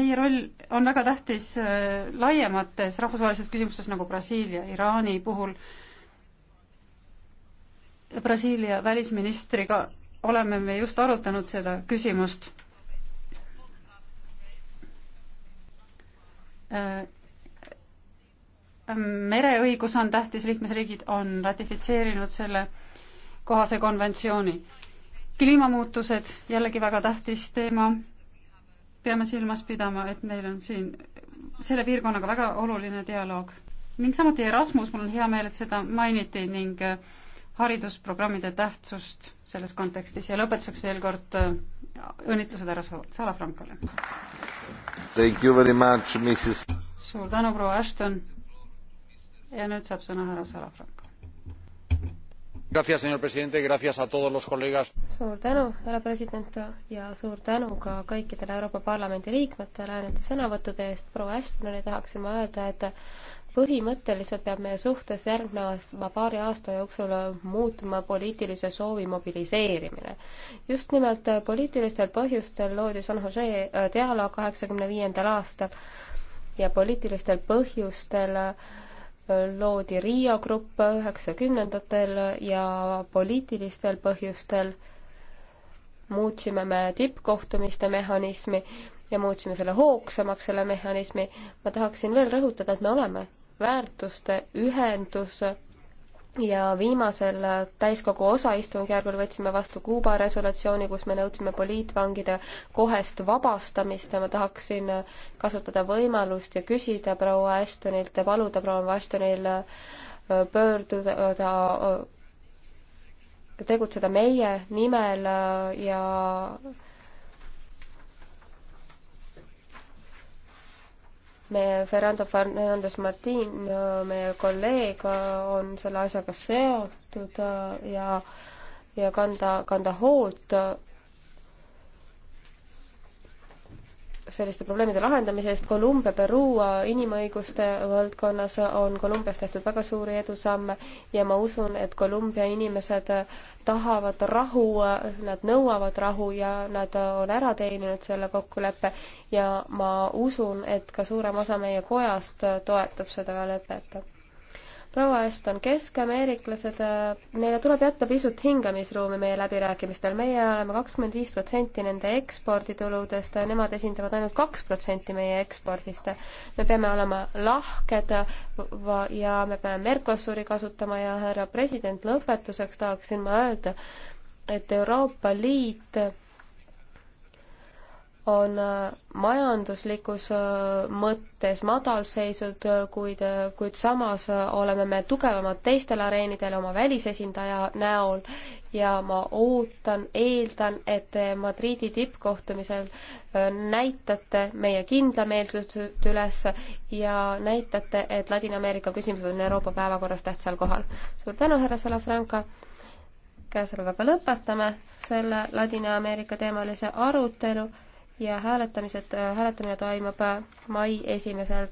meie roll on väga tähtis äh, laiemates rahvusvahelistes küsimustes nagu Brasiilia, Iraani puhul äh, Brasiilia välisministriga oleme me just arutanud seda küsimust. Äh, mereõigus on tähtis, liikmesriigid on ratifitseerinud selle kohase konventsiooni. kliimamuutused, jällegi väga tähtis teema, peame silmas pidama, et meil on siin selle piirkonnaga väga oluline dialoog. ning samuti Erasmus, mul on hea meel, et seda mainiti ning äh, haridusprogrammide tähtsust selles kontekstis ja lõpetuseks veel kord äh, õnnitlused härra Salafrankole. suur tänu, proua Ashton. ja nüüd saab sõna härra Salafranco. suur tänu, härra president ja suur tänu ka kõikidele Euroopa Parlamendi liikmetele nende sõnavõttude eest. proua Ashtonile tahaksin ma öelda, et põhimõtteliselt peab meie suhtes järgneva paari aasta jooksul muutuma poliitilise soovi mobiliseerimine. just nimelt poliitilistel põhjustel loodi San Jose äh, dialoog kaheksakümne viiendal aastal ja poliitilistel põhjustel äh, loodi Riia grupp üheksakümnendatel ja poliitilistel põhjustel muutsime me tippkohtumiste mehhanismi ja muutsime selle hoogsamaks, selle mehhanismi. ma tahaksin veel rõhutada, et me oleme väärtuste ühendus ja viimasel täiskogu osaistungjärgul võtsime vastu Kuuba resolutsiooni, kus me nõudsime poliitvangide kohest vabastamist ja ma tahaksin kasutada võimalust ja küsida proua Ashtonilt ja paluda proua Ashtonil äh, pöörduda, äh, tegutseda meie nimel äh, ja meie Fernando Fernandes Martin, meie kolleeg, on selle asjaga seotud äh, ja ja kanda, kanda hoolt selliste probleemide lahendamise eest. Kolumbia, Peruu äh, inimõiguste valdkonnas on Kolumbias tehtud väga suuri edusamme ja ma usun, et Kolumbia inimesed äh, tahavad rahu, äh, nad nõuavad rahu ja nad on ära teeninud selle kokkuleppe ja ma usun, et ka suurem osa meie kojast toetab seda lepet proua Ashton, keskameeriklased, äh, neile tuleb jätta pisut hingamisruumi meie läbirääkimistel. meie oleme kakskümmend viis protsenti nende ekspordituludest, nemad esindavad ainult kaks protsenti meie ekspordist. me peame olema lahked ja me peame Mercosuri kasutama ja härra president, lõpetuseks tahaksin ma öelda, et Euroopa Liit on äh, majanduslikus äh, mõttes madalseisud, äh, kuid, kuid samas oleme me tugevamad teistel areenidel oma välisesindaja näol ja ma ootan, eeldan, et te Madriidi tippkohtumisel näitate meie kindlameelsust üles ja näitate, et Ladina-Ameerika küsimused on Euroopa päevakorras tähtsal kohal. suur tänu, härra Salafranca! käesolevaga lõpetame selle Ladina-Ameerika teemalise arutelu ja hääletamised, hääletamine toimub mai esimesel